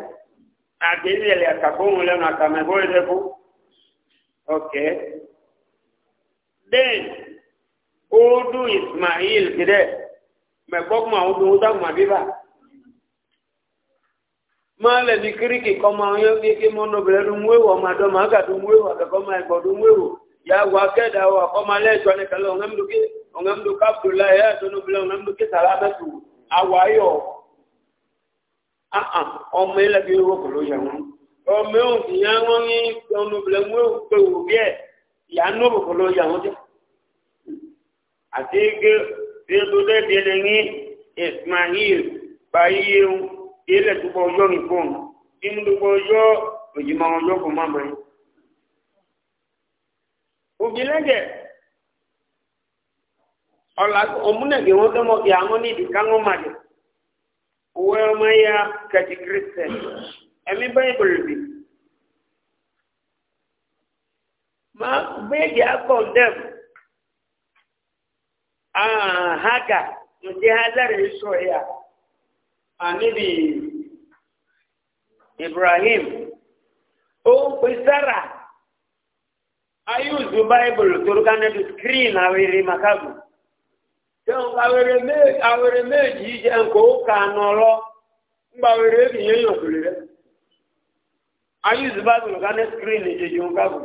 àgbẹlẹ lẹ kàkà fún lẹnu àkàmẹ bọyì lẹ fún ok then ó dún ismael kìdẹ mɛ gbɔkuma wo do wota kuma bi ba ma le ni kiriki kɔma yɔ keke mɔnɔ bɛrɛ do nue wɔ ma dɔ ma aga do nue wɔ kɛ kɔma egbɔ do nue wɔ ya wɔ akɛ da wɔ kɔma lɛ jɔ ne kɛlɛ ɔŋɛm do ke ɔŋɛm do kapu la yɛ ɛtɔ no bilɛ ɔŋɛm do ke sala bɛ tu awɔ ayɔ ahan ɔmɛ lɛ bi wɔ kolo yɛ ŋɔ ɔmɛ wo ti ya ŋɔ nyi ɔnu bilɛ nue wɔ kpe wɔ biɛ ya no kolo yɛ ŋɔ Bílúdé délé ní Ismail báyíyé ń délé túbọ̀ ọjọ́ nìkan. Ìmúdùgbọ̀ ọjọ́ òjìmọ̀ ọjọ́ kò má bẹ̀rẹ̀. Òbí lẹ́jẹ̀ ọ̀la òmúnẹ̀gẹ̀ wọn dẹ́mọ̀ kí àwọn nídìí kánú màdì. Òwe ọmọ ya kẹ̀tì kírísítẹ̀n. Ẹ̀mí bẹ́ẹ̀ bì. Má bẹ́ẹ̀ akọ̀ dẹ́mù. haka nke hazara ya anibi ibrahim o pe ayuzu ayuzu bible toruka nedu screen awere makabu tẹun awere meji ije nke ụka n'ọlọ mgbawere awere ebinye yọkụrụ rẹ ayuzu bible ka ne screen ejeji mkabu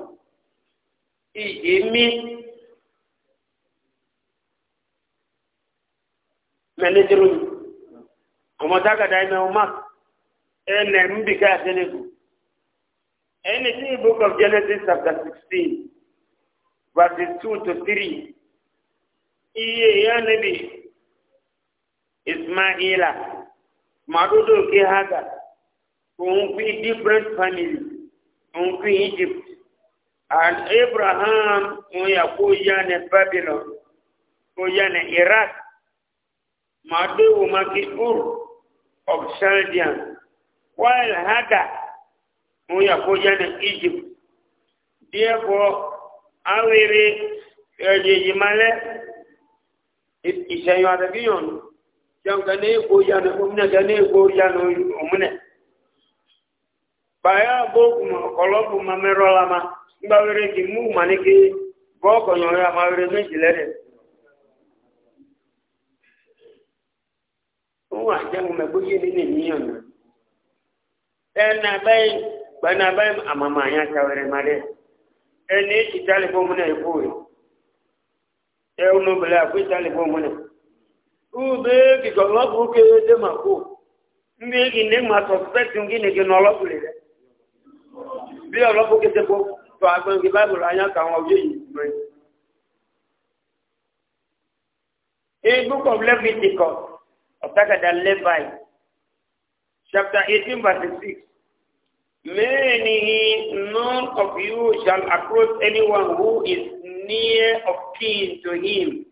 ije mi mẹlẹdẹrù ọmọ tágàdá ẹmẹ ọmọ ẹnẹ mbìkà àtẹnẹkù ẹni tí book of genesis chapter sixteen verses two to three iye ya níbi ismaila màdúdò kí haga òun fi different family òun fi egypt and abraham òun yà kó yá ní babylon kó yá iraq. maduhu makibur ya Chaldean, while Hadad, who Yakojan Egypt. Therefore, Awere Yajimale, Isayadabion, Jankane Koyan, Umnagane Koyan, Umne. Baya Bokuma, Colombo Mamerolama, Bavere were Maniki, Bokonoya, Mavere Mejilere. òun àjẹun mẹ́gbó yé ní nìyíyàn nù. na bẹ́ẹ̀ gbẹ́nà bẹ́ẹ̀ àmàmà yẹn àtàwẹ̀rẹ̀ má dẹ́ ẹni èsì tálíbọ̀ múnà ìbò rẹ̀ ẹ̀hún nobìlẹ̀ ube kìkọ̀ lọ́kùn kéwé dé mà kó mbí ìní mà sọ̀spẹ́tì kí nìkì nà ọlọ́kùn lè rẹ̀ bí ọlọ́kùn kété kó of Takada Levi, chapter eighteen, verse six. Many, none of you shall approach anyone who is near of kin to him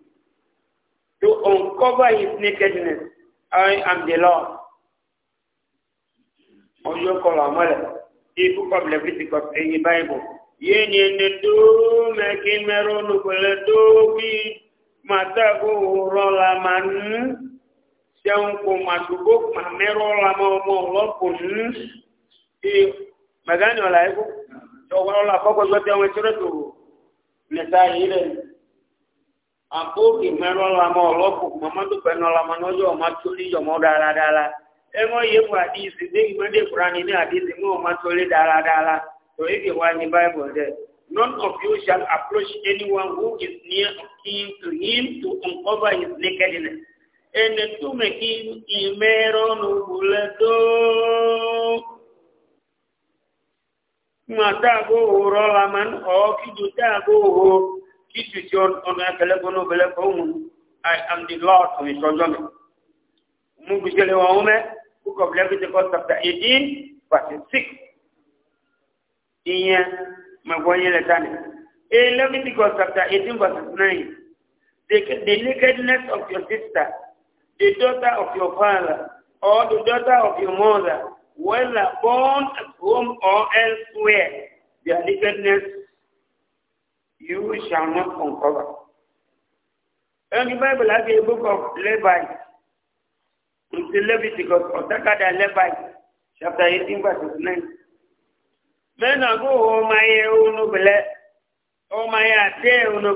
to uncover his nakedness. I am the Lord. Oyo kola mọ́lẹ̀, ikú kọ̀bìlẹ̀ físíkọ̀ ẹ̀yìn Bible. Yé ni ẹni tó mẹ́kí mẹ́rún nùgbẹ̀lẹ̀ tó bí màtàkù rọ́lá màá nù. jẹun kò màdùgbò màmẹ́rọ lamọ ọmọ ọlọ́pọ̀ ní ti mẹgánì ọ̀la ẹ̀kú ọwọ́ ọlọ́pọ̀ àkọ́kọ́ tí wọ́n ti rẹ̀ tó nìta yìí rẹ̀ àkókò mẹ́rọ lamọ ọlọ́pọ̀ mọ́mọ́tò ọmọ mọ iye fún àdìsí ní ìmọ̀dé kúránì ní None of you shall approach anyone who is near akin to ene tume ki imero nubule do mata go ro la man o ki juta go ho ki jujon ona kale go nubule ko mu i am the lord of the sojo me mu bijele wa ume book of leviticus chapter 18 verse 6 iyan magonye letani in e leviticus chapter 18 verse 9 the, the nakedness of your sister the daughter of your father, or the daughter of your mother, whether born at home or elsewhere, their nakedness you shall not uncover. And the Bible has a book of Levites. it's Leviticus, or Takada chapter 18, verse 9. Men are oh my, oh no, oh my, I say, oh no,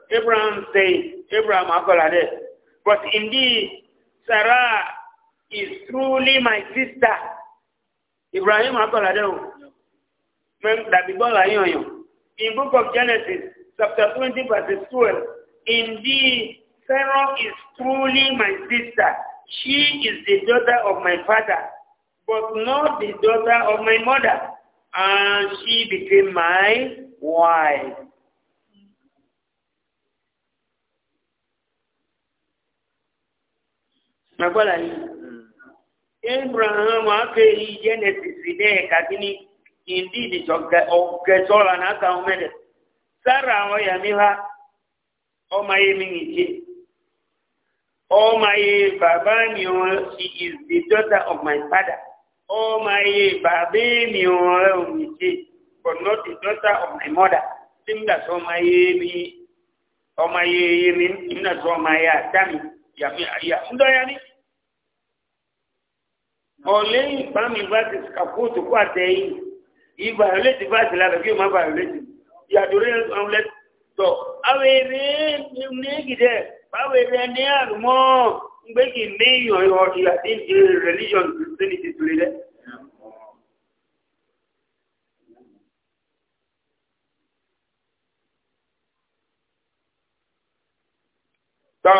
Abraham saying, Abraham Akolade, but indeed, Sarah is truly my sister. Ibrahim Akolade, oh. in book of Genesis, chapter 20, verse 12, indeed, Sarah is truly my sister. She is the daughter of my father, but not the daughter of my mother. And she became my wife. nagbala anyị? abraham aka eyi genesis dee ka gịnị indeed na aka omere sara àwọn ya mi ha ọma ye is the daughter of my father but not the daughter of my mother ọ̀lẹ́yìn ìbámi ìbáṣe kàkóòtù kó àtẹ̀yìn ìgbà ìrẹ́lẹ́tì báṣe lára bí o máa bá ìrẹ́lẹ́tì ìyàdórẹ́ ọ̀lẹ́tọ̀ awèrè nígidẹ̀ awèrè ní àrùmọ́ gbégi méyàn ìyàdí religion christianity tìlẹ̀ rẹ̀. tọ́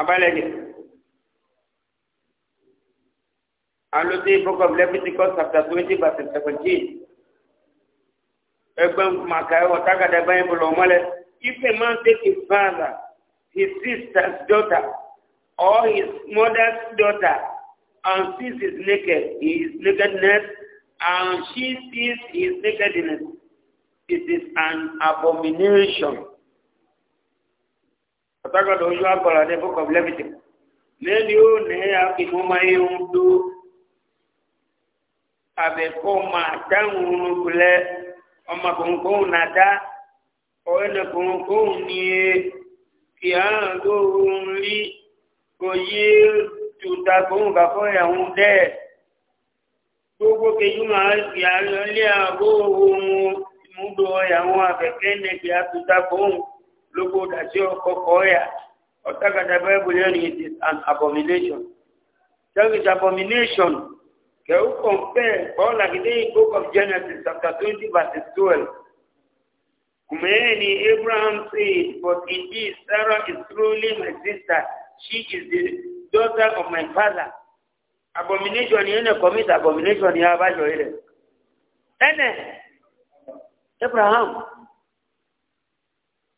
abalẹ̀ yẹn. alóde book of leviticus chapter twenty verse seventeen ẹgbẹ́ màkà ẹ̀wọ̀ tágàdá báyìí bọ̀lọ̀ ọmọlẹ̀ if a man take his father his sister's daughter or his mother's daughter and sees his naked his nakedness and she sees his nakedness it is an abomination. ọ̀tàgàdá ojú àgbọ̀lá ní book of leviticus mẹ́rin ó nẹ́ẹ̀ àkìmọ́ máa ń dúró abe ko ma tangu kule oma kungu nada oene kungu ni kiango unli koye tuta kungu kako ya unde gbogbo keju ma fi ayọlé àgbo ohun ìmúdò ọyàwó abẹkẹne kí a tuta kungu lóko dàtí ọkọ kọ ya ọtakàtà bible ní it is an abomination that is abomination. Can you compare all of the book of Genesis chapter 20 verse 12? Kumeeni Abraham said, but indeed Sarah is truly my sister. She is the daughter of my father. Abomination You yene commit abomination You have a joy. Ene Abraham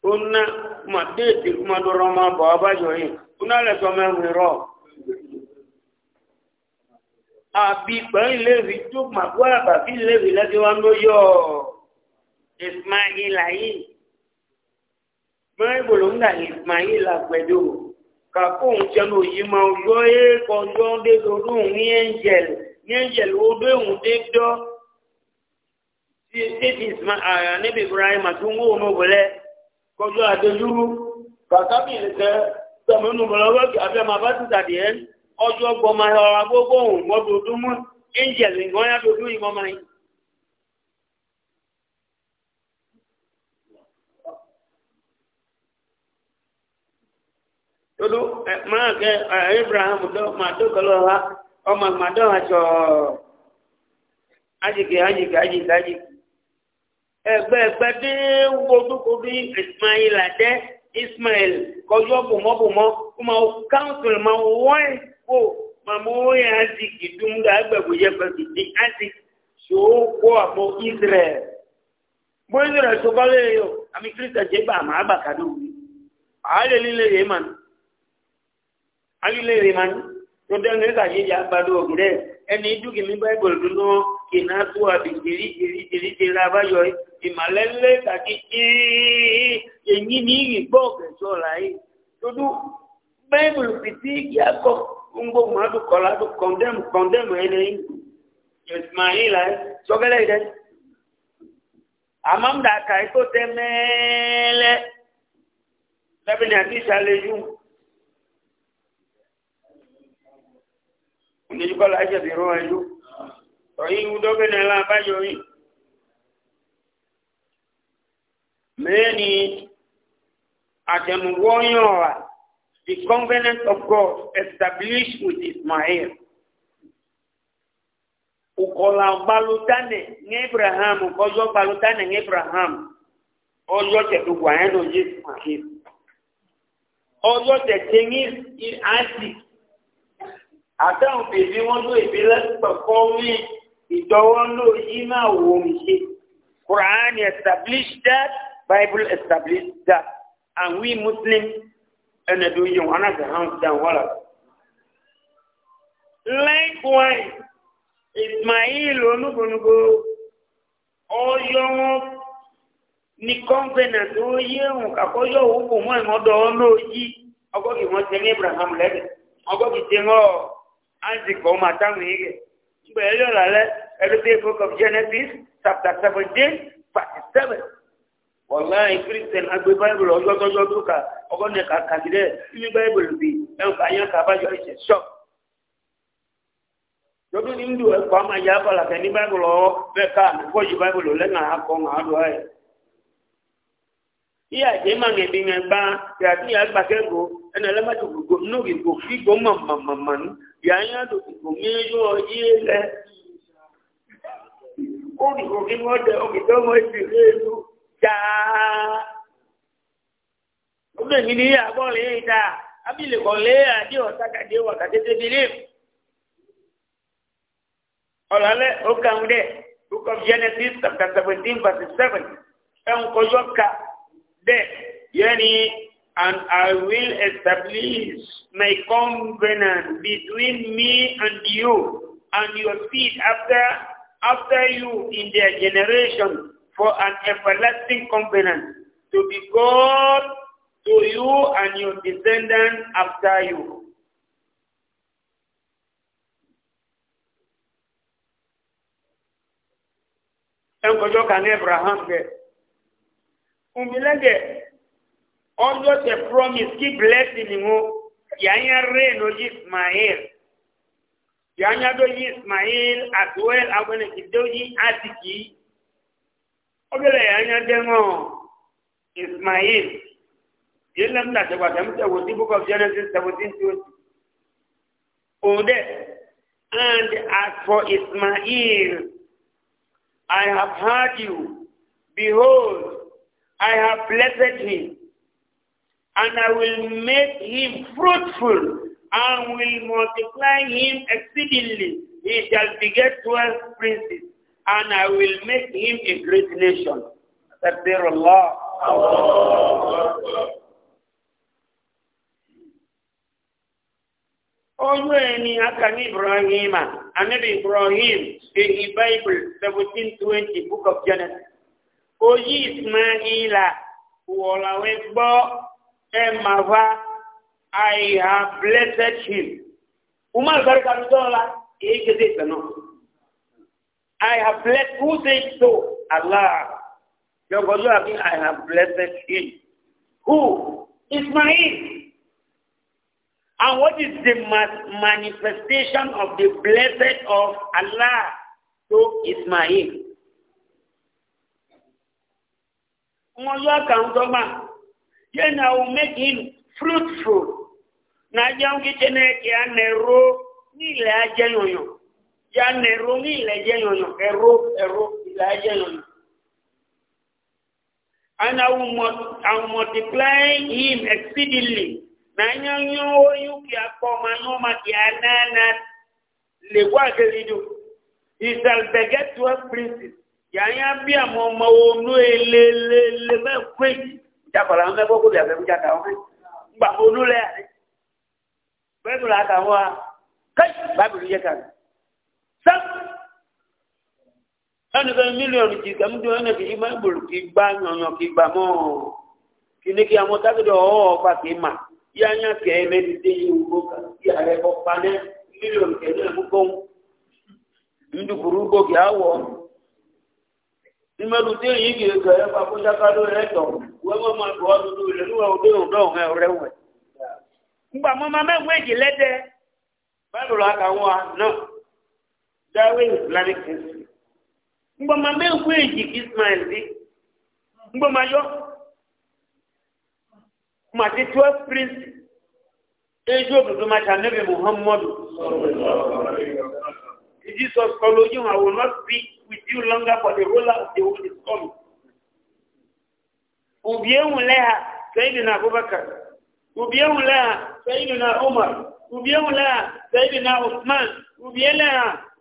una madete kuma doroma ba abajo joy. Una le so me ro àbí pẹ̀lú lérí tó màgbọ́ àbàbí lérí láti wá ló yọ ìsmáìlà yìí mẹ́rin bòló ń dà ìsmáìlà pẹ̀lú kàkó ń jẹun òyìn máa yọ ẹ́kọ́ yọ dé lórí òun ní angel ní angel ó dé òun dé dọ́ tí tètè ìsmáìlà níbi ibrahim àti ń wọ́n mọ̀bọ̀lẹ́ kọjú àdéjúrú kàkàbí ìlẹ̀kẹ́ tọ̀mọ́nù mọ̀lọ́wọ́ àbí ọmọ abá ti tàdí ẹ́ ọjọ́ gbọmọ ọ̀rọ̀ agbógbó òun gbọ́dọ̀ ọdún mọ́ angel nǹkan yá dodo ìmọ̀ máa yìí. dodo ẹ máa kẹ Abraham dọ máa tó ọmọ ajìkì ajìkì ajìkì ko mamu ya azi kidum ga agba guje ba bidi azi so ko abo israel bo israel so bale yo ami krista je ba ma ba kadu ale lile ye man ale lile ye man to de ne ga ye ya ba do gure eni du ki mi bible du no ki na tu abi diri diri diri diri aba yo imalele ta ki e ni ni bo ke so lai to du bible pitik ya ko ńgbó màdù kọlá tó kọndẹ́mù kọndẹ́mù ẹ̀ lẹ́yìn ìsmaila ẹ̀ ikote ìdẹ́ àmọ́mdà kàí tó tẹ́ mẹ́ẹ́lẹ́ lẹ́bìnrin àti ìsàlẹ̀ yù onídìkọ́lá ẹ̀ṣẹ̀ bí rọ ẹ̀yù ọ̀yìn ìwú wa. the covenant of God established with Ismael. Ukola balutane ng Abraham, ukozo balutane ng Abraham. Oyo te dugwa eno Ismael. Oyo te tengi Isaac. Àtàwọn bèbí wọn ló ìbílẹ̀ pẹ̀kọ́ wí ìdọ́wọ́ ló yí máa wò mí ṣe. Quran established that, Bible established that, and we Muslims ẹnẹ tó yẹ wọn anáṣẹ hands down wàlà. likewise ismail onugbonugbo ọyọ wọn ní confidence ó yẹ kakọ yọ wọn kò mọ wọn ti ní ibrahim lẹbi ọgọgì ti ń ọ isaac ọmọ àtàwọn yìí book of genesis chapter seventeen verse seven. wọláyìn kírísítẹ̀n agbé na ọjọ́jọ́jọ́ tó kà ọgọ́ni ẹ̀ka kàdídẹ́ ní dị bí ẹnfà yẹn kà bá yọ ẹsẹ̀ sọ. lọ́dún ní ndú ẹ̀kọ́ àmà yà bàlà kẹ́ ní báyìbùlù ọ bẹ́ẹ̀ ká àmìkọ́ yìí báyìbùlù lẹ́nà akọ ńàdùn ẹ̀. iye àjẹ́ máa yẹn yàtí yà dáa obìnrin ni àgbọ̀ lè dà abilékọ̀ lé àdé ọ̀sàkàdé wàkàtí tẹ́bílẹ̀ ọ̀làlẹ́ ọ̀kàwọn dẹ̀ book of genesis chapter seventeen verse seven ẹ̀ńkọ́jọ́ ka dẹ̀ yẹ́nì and I will establish my covenant between me and you and your seed after after you in their generation for an everlasting covenant to be God to you and your descendants after you. ẹnkọjọ kan abraham gẹ omilẹgẹ ọjọ tẹ promise kí blessing ni wọn yàáyà rain ojú ismail yàáyà dojú ismail as well agbẹnẹkìdé ojú atiki. ogele anya dengo ismail yelam na te kwatam te wo book of genesis 17 ode and as for ismail i have heard you behold i have blessed him and i will make him fruitful and will multiply him exceedingly he shall beget twelve princes and I will make him a great nation. Takbir Allah. Ọjọ́ ẹni Akami Ibrahim, Anabi Ibrahim, Ehi Bible 1720, Book of Genesis. Oyi Ismaila, Wọ̀làwẹ́ gbọ́ ẹ máa wá, I have blessed him. Umar Barika Dọ́la, èyí kéde ìtẹ̀ náà. I have blessed. Who says so? Allah. Your Allah, I have blessed him. Who? Ismail. And what is the manifestation of the blessed of Allah to Ismail? Allah comes over. Then I will make him fruitful. Now, young kitchen, I can row. Nila, ya na ẹ̀rọ ní ilẹ̀ jẹ́ yọ̀nà ẹ̀rọ ẹ̀rọ ilẹ̀ jẹ́ yọ̀nà. And I will, I will multiply him exceedingly. Na anya nyo oyu ki akpọ ma nọ ma ki anana lekwa akelido. He shall beget twelve princes. Ya anya bi ama ọmọ onu elelele mẹ́kwe. Ìjàpàlà ń mẹ́kọ́ kó bí abẹ́kú jáde àwọn ẹ̀. Gbàgbọ́ onú lẹ́yà rẹ̀. Bẹ́ẹ̀ bí wọ́n á kà wọ́n a. Kẹ́yì bábìlì yẹ kàrẹ́. sẹ́ ẹnìkan mílíọ̀nù ti kàmúdù ẹnì kìí máa ń gbòòrò kìí gbá yànnà kìí gbà mọ́ kìíní kí àwọn tágídọ̀ ọ̀ọ́ ọ̀pá kìí mà yáyà kẹ́ ẹ mẹ́rin tí yìí wò ó kí ààrẹ kọ́ panẹ́ mílíọ̀nù kẹ́lẹ́ ẹ̀múkọ́ ndùkúrú gòkè àwọ̀ nímọ̀lù dé dawe islamic history ngbọma mekwe eji ismail dị ngbọma yọ ma dị 12 prince eji obodo macha nebe muhammadu jesus called you i will not be with you longer for the ruler of the world is coming ubie nwule ha sayidina abubakar ubie nwule ha sayidina umar ubie nwule ha sayidina usman ubie nwule ha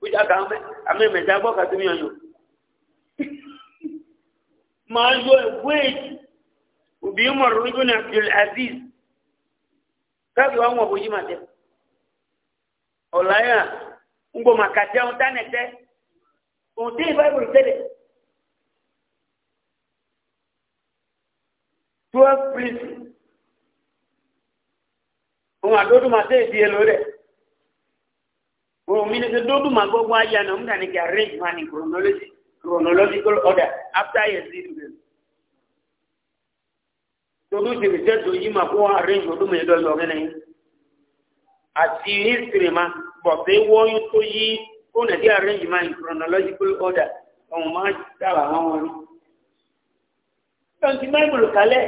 kújà kà mẹ àmì mẹta gbọ́ kàtó mi ọ̀yọ́ máa yọ ìwé òbí mọ̀rọ̀ níbi ní abdul aziz káàbí wọn wọ̀ bójú màtẹ ọ̀làyà ń gbọ́ màkàtẹ́ ọ̀hún tánẹ̀tẹ́ ìbáìbùrù tẹ́lẹ̀. twelve places òun àdódùmá tẹ́ ìdíyelò rẹ̀. Romine ke dodu magogo aya na muda niki arrange man in chronology, chronological order after Yazid. Dodu ti research to yima ko arrange odu me do lo gene. Ati history ma but they want you to yi ko na di arrange man in chronological order. Ọmọ máa dára àwọn ọ̀rọ̀. Tọ́ntì Báìbùlù kalẹ̀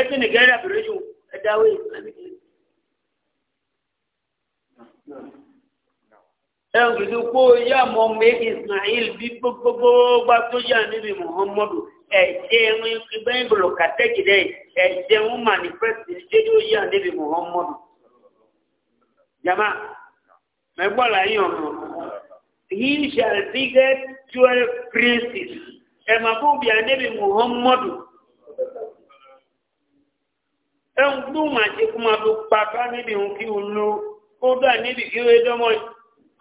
ẹgbẹ́ nìgẹ́rẹ́ àbúrẹ́jù ẹ̀dáwé ìsìlámì kìlì ẹnìkìdí kó yá mọ́ mé ismail bí gbogbogbogba tó yà níbi muhammadu ẹ̀jẹ̀ ń gbẹ́ ìgbòlò kàtẹ́kìdẹ́ ẹ̀jẹ̀ ń manifest ṣe tó yà níbi muhammadu. jama mẹ́gbọ́lá yín ọ̀nà he shall beget twelve princes ẹ̀mà fún bí i níbi muhammadu. ẹ̀ń gbúmọ̀ àti kúmọ̀ tó pàtó níbi òun kí òun lò kó dà níbi kí ó dọ́mọ́ yìí.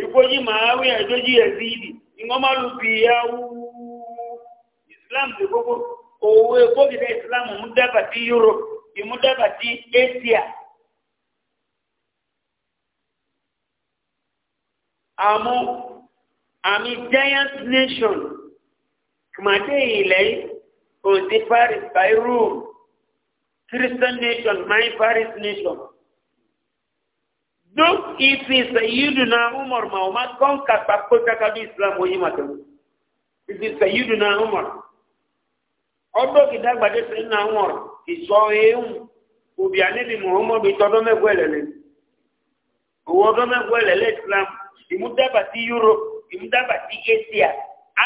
ìgbójí máa wí ẹ̀dójí ẹ̀zíìdì ìwọ́n máa lù bí ya wúú islam ti gbogbo owó epo gidẹ islam mú dábà sí europe ìmú dábà sí asia àmú àmì giant nation kìmàdé ilẹ̀ òǹdí paris by rome christian nation my paris nation duk ifi sayyiduna umar ma o ma kon ka pa ko ka ka bi islam o yi ma to ifi sayyiduna umar odo ki dagba de sayyiduna umar ki so eun o bi anabi muhammad bi do me gwelele owo do me gwelele islam imu daba ti europe imu daba ti asia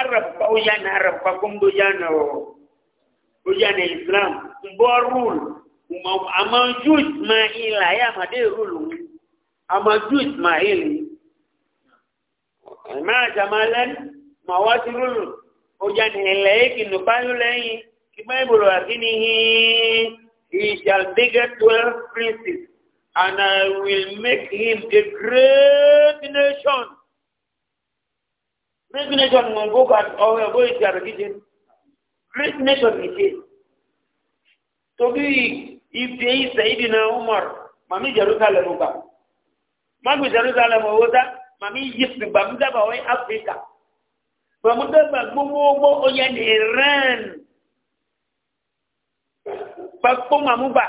arab pa o ya na arab pa kom do ya na o oh. o ya na islam mbo rule ama juj ma ila ya ma de rule amadu ismail ma jamalen ma watirul ojan hele ki nupayo leyin ki mai bolo akini he he shall make twelve princes and i will make him a great nation great nation mo go ka owe bo ti arigije great nation ni ke to bi ibe sayyidina umar mami jerusalem ba magu jerusalem wo da mami yisu gbamu daba wo africa gbamu daba gbogbogbò oyè ní iran gbàgbó mamuba, mamuba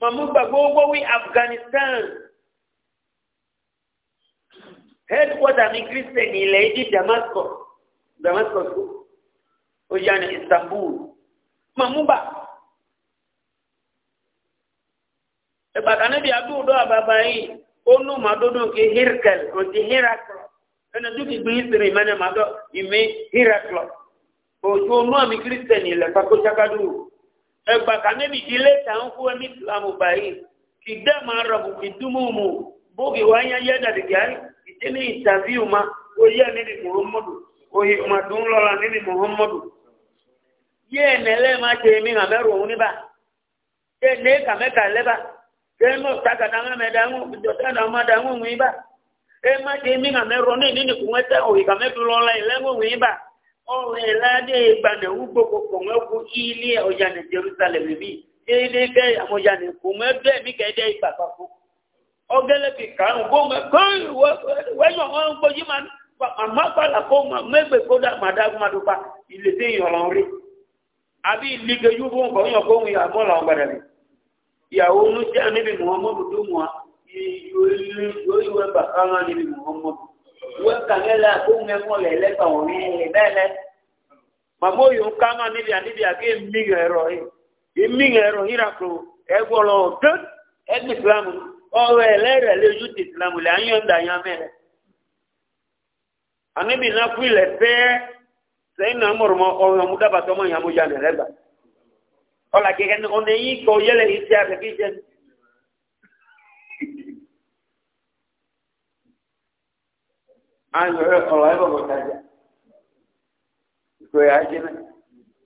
mamu ba gbogbo wi afghanistan headquarter mi christian ilẹ̀ yìí di damascus damascus oyè ní istanbul Mamuba, ba. ìbàdàn níbi àdúgbò àbàbà yìí onu madodo ke Herkel oti Heraklo ena duki gbiisiri mene mado ime Heraklo oju onu ami kristẹni ilẹ pako sakadu ẹgba kanebi ti lẹta ń kú ẹni islamu báyìí kì dẹ́ máa rọ̀bù kì dúmọ̀ mu bókì wá yẹn yẹ dàbí kí á ìdí ní ìtàvíù ma ó yẹ níbi muhammadu oyè ọmọdún lọ́la níbi muhammadu yẹ ẹ̀nẹ́lẹ́ máa ṣe mí àmẹ́rù òun níbà yẹ ẹ̀nẹ́ kàmẹ́kà lẹ́bàá. emo takata ngame dangu jota na ma dangu ngwiba ema temi ngame roni nini kumweta oika medulola ilengo ngwiba owelade ibane uboko kongwe ku ili ojane Jerusalem bi ede ke amojane kumwebe mi ke de ipa papo ogele ji man ko ma ko da ile te yo lonri abi ile ke ko yo ko ngi amola ìyàwó ló jẹ́ níbi muhammadu tó mọ́ ìyóyúwẹ́ bàbá wọn níbi muhammadu wọ́n kàngẹ́lá tó ń mẹ́mọ́ lẹ̀ lẹ́gbà wọ́n ní ilẹ̀ bẹ́ẹ̀lẹ́ màmá òyò ń níbi àníbi àti èmi ẹ̀rọ yìí èmi ẹ̀rọ yìí ẹgbẹ́ ìsìlámù ọ̀rọ̀ ẹlẹ́rẹ̀ ti ìsìlámù ayé mẹ́rẹ̀ àníbi náà fún ilẹ̀ sẹ́yìn náà mọ̀rọ̀mọ́ ọ̀rọ̀ Hola, que gente con el hijo, yo le dije a repiten. Ay, no, hola, algo con talla. Estoy aquí, ¿no?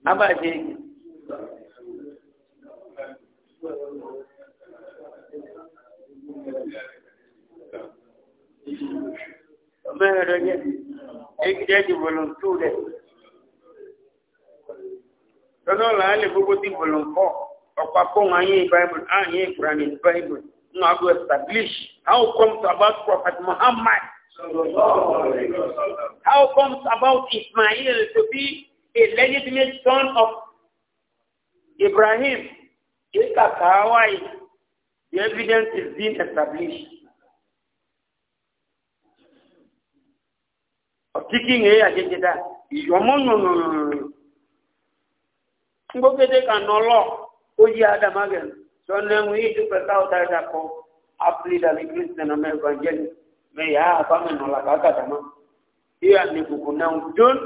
Ama aquí. Mẹ́rin rẹ̀ yẹ, èyí jẹ́ ìwòlò tó rẹ̀ tọ́lọ́ làálẹ̀ gbogbo ti bọ̀lọ̀ ńkọ́ ọ̀pá kóhùn ayé bible ayé ìkùránì bible nínú àgọ́ establish how comes about prophet muhammad how comes about ismail to be a legitimate son of ibrahim ìkà kàáwá yìí the evidence is being established. ọ̀kíkí ń yé àjẹjẹ dá ìyọmọ́ nùnùnùnùnù gbogede ka nɔlɔ o yi adama gɛ sɔnɛmu yi dukɛ k'aw ta da kɔ apili da bi kristu nana mɛ evangeli mɛ yaa ba mɛ nɔla k'a ka dama iya ne koko n'anw don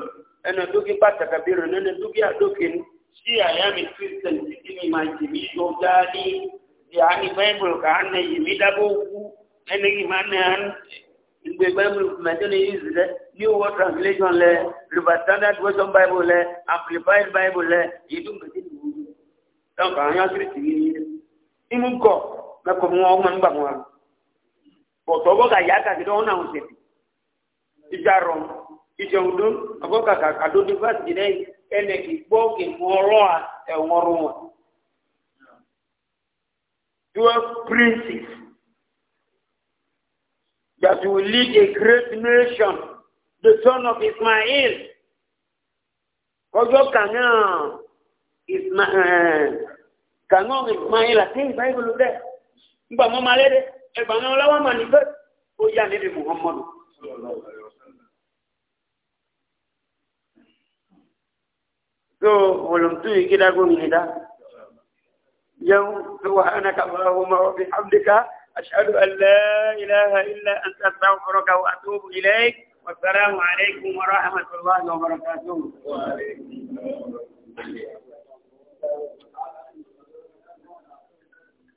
ɛnɛ duki ba ta ka bi rɛ n'ɛnɛ duki a duki nu si a y'a mi kristu ni ti mi ma jimi yɔ daani yaani bible k'an nɛ yimi dabo wu ɛnɛ yi ma nɛ ìgbè bible mẹtẹni yìí lẹ new world translation lẹ river standard version bible lẹ amplified bible lẹ yìí dùn kẹtẹ ní wúlò donc àwọn yàn kiri tìmí yìí dẹ ìmú kọ mẹkọ mú wọn mọ nígbà wọn bọtọ bọ ka yà kàkiri wọn náà wọn tẹbi ìjà rọ ìjà òdo àbọ kàkà àdó divasi dẹ ẹnẹ kì gbọ kì mú ọrọ à ẹwọn rọ wọn. twelve princes that will lead a great nation, the son of Ismail. Ọjọ́ kan náà, eh, kan náà Ismail àti Ìbáìbìlú rẹ̀, nígbà mọ́ máa lédè, ẹgbà náà láwọn mà níbẹ̀, ó yà níbi Muhammadu. So, olùtú ìkídá gómìnà dá. Yẹ́n, Subhanaka Allahumma wa bihamdika. أشهد أن لا إله إلا أنت أستغفرك وأتوب إليك والسلام عليكم ورحمة الله وبركاته. وعليكم السلام ورحمة الله وبركاته.